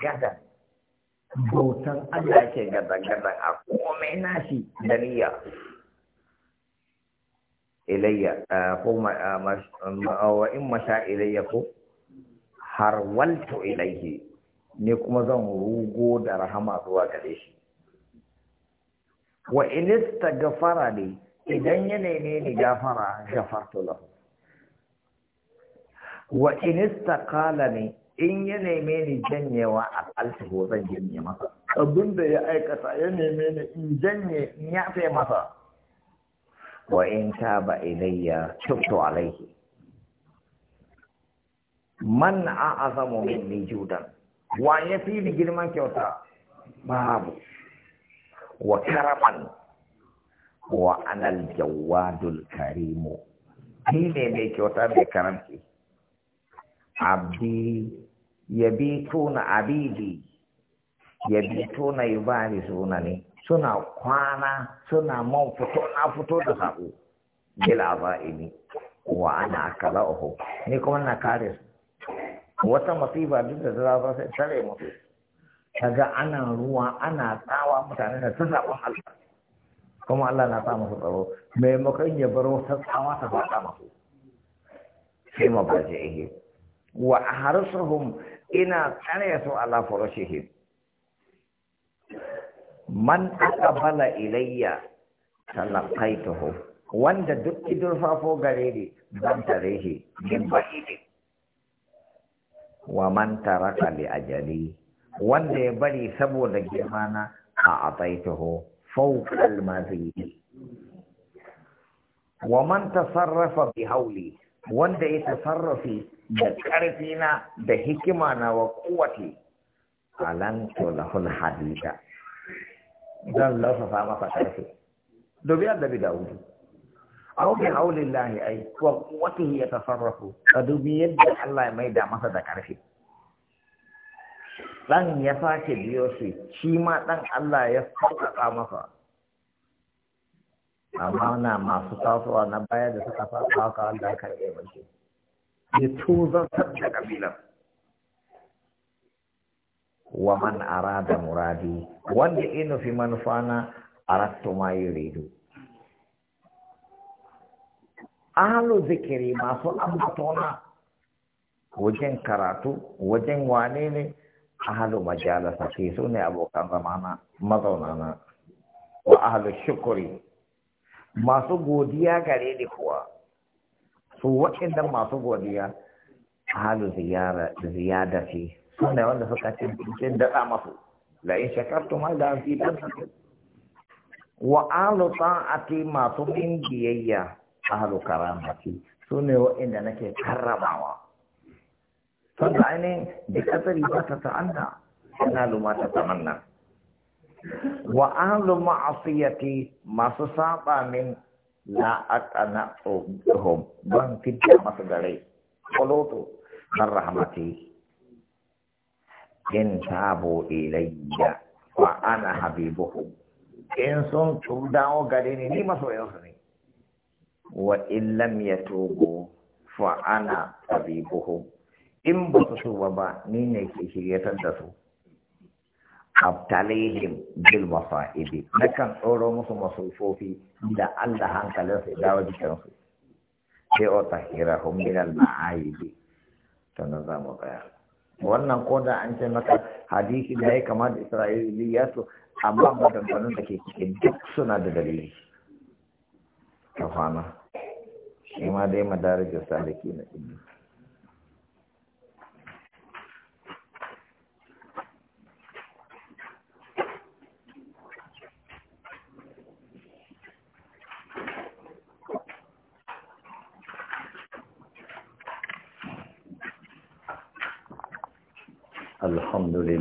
gada bautan Allah ke gada-gada a komai nashi da niyya ilayya ko wa in masha ilayya ko har walto ilayhi ne kuma zan rugo da rahama zuwa gare shi wa inista gafara ne idan ya neme ni gafara gafartu lahu wa in ne in ya neme ni janyewa a alfiho zan janye masa abin da ya aikata ya neme ni in janye in yafe masa wa in ta ba ilayya tubtu alaihi man a'azamu ni, judan wa fi ni girman kyauta babu wa karaman wa anal jawadul karimu ni ne mai kyauta mai karamci abdi na abidi yabituna yubarisuna ne suna kwana suna man fito na fito da gila ba ini wa ana akala oho ni kuma na kare su wata masifa duk da zara ba sai tare mutu kaga ana ruwa ana tsawa mutane da sun sabon Allah kuma Allah na sa musu tsaro maimakon ya bar wata tsawa ta faɗa masu sai mabaje ihe wa harsuhum ina tsare su ala furushihim man aqbala ilayya talaqaituhu wanda duk idurfafo gare ni zan tare shi min wa man taraka li ajali wanda ya bari saboda girmana a ataituhu fawqa al-mazidi wa man tasarrafa bi hawli wanda ya tasarrafi da ƙarfi na da hikima na wa kowace alan lahul hadida zan lafafa masa ƙarfi dobi annabi dawudu aw bi haulillahi ai wa quwwatihi yatasarrafu ka yadda Allah ya da masa da ƙarfi dan ya sake biyo shi shi ma dan Allah ya sauƙaƙa masa amma na masu tasowa na baya da suka fasa haka Allah ya karɓe ya zan sabta kabilar wa man arada muradi wanda ina fi manufana arattu ma yuridu ahlu zikiri masu ambatona wajen karatu wajen wane ne ahlu majalasa ke su ne abokan zamana na. wa ahlu shukuri masu godiya gare ni kuwa su waɗannan masu godiya halu ziyada ce su ne wanda suka ce cikin daɗa masu la in shakartu ma da fi dan wa alu ta'ati masu min biyayya ahlu karamati su ne waɗanda nake karramawa da ainihin da kasari ba ta ta'anna Ina luma ta tamanna wa ahlu ma'asiyati masu saba min la aqana tuhum ban fidda masa gare qulutu min rahmati in tabu ilayya wa ana habibuhum in sun dawo gare ni ni masoyansu ne wa in lam yatubu fa ana habibuhum in ba su ba ni ne ke shiryatar da su abtalihim bil masa'ib nakan tsoro musu masufofi da Allah hankalin su dawo jikin su sai o tahirahum min al ma'ayib to nan mu wannan ko da an ce maka hadisi da ya kamar Isra'iliya to amma ba da ke cikin duk suna da dalili fama shi ma dai madarajin saliki na ilmi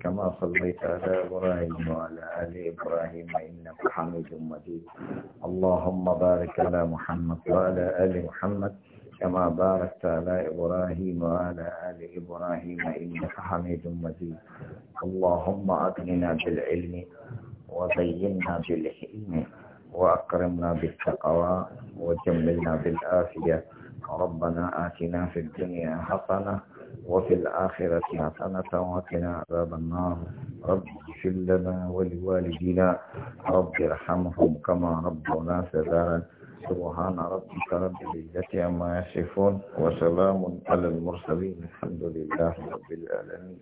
كما صليت على إبراهيم وعلى آل إبراهيم إنك حميد مجيد اللهم بارك على محمد وعلى آل محمد كما باركت على إبراهيم وعلى آل إبراهيم إنك حميد مجيد اللهم أغننا بالعلم وزينا بالحلم وأكرمنا بالتقوى وجملنا بالآفية ربنا آتنا في الدنيا حسنة وفي الآخرة حسنة وقنا عذاب النار رب اغفر لنا ولوالدينا رب ارحمهم كما ربنا صغارا سبحان ربك رب العزة عما يصفون وسلام على المرسلين الحمد لله رب العالمين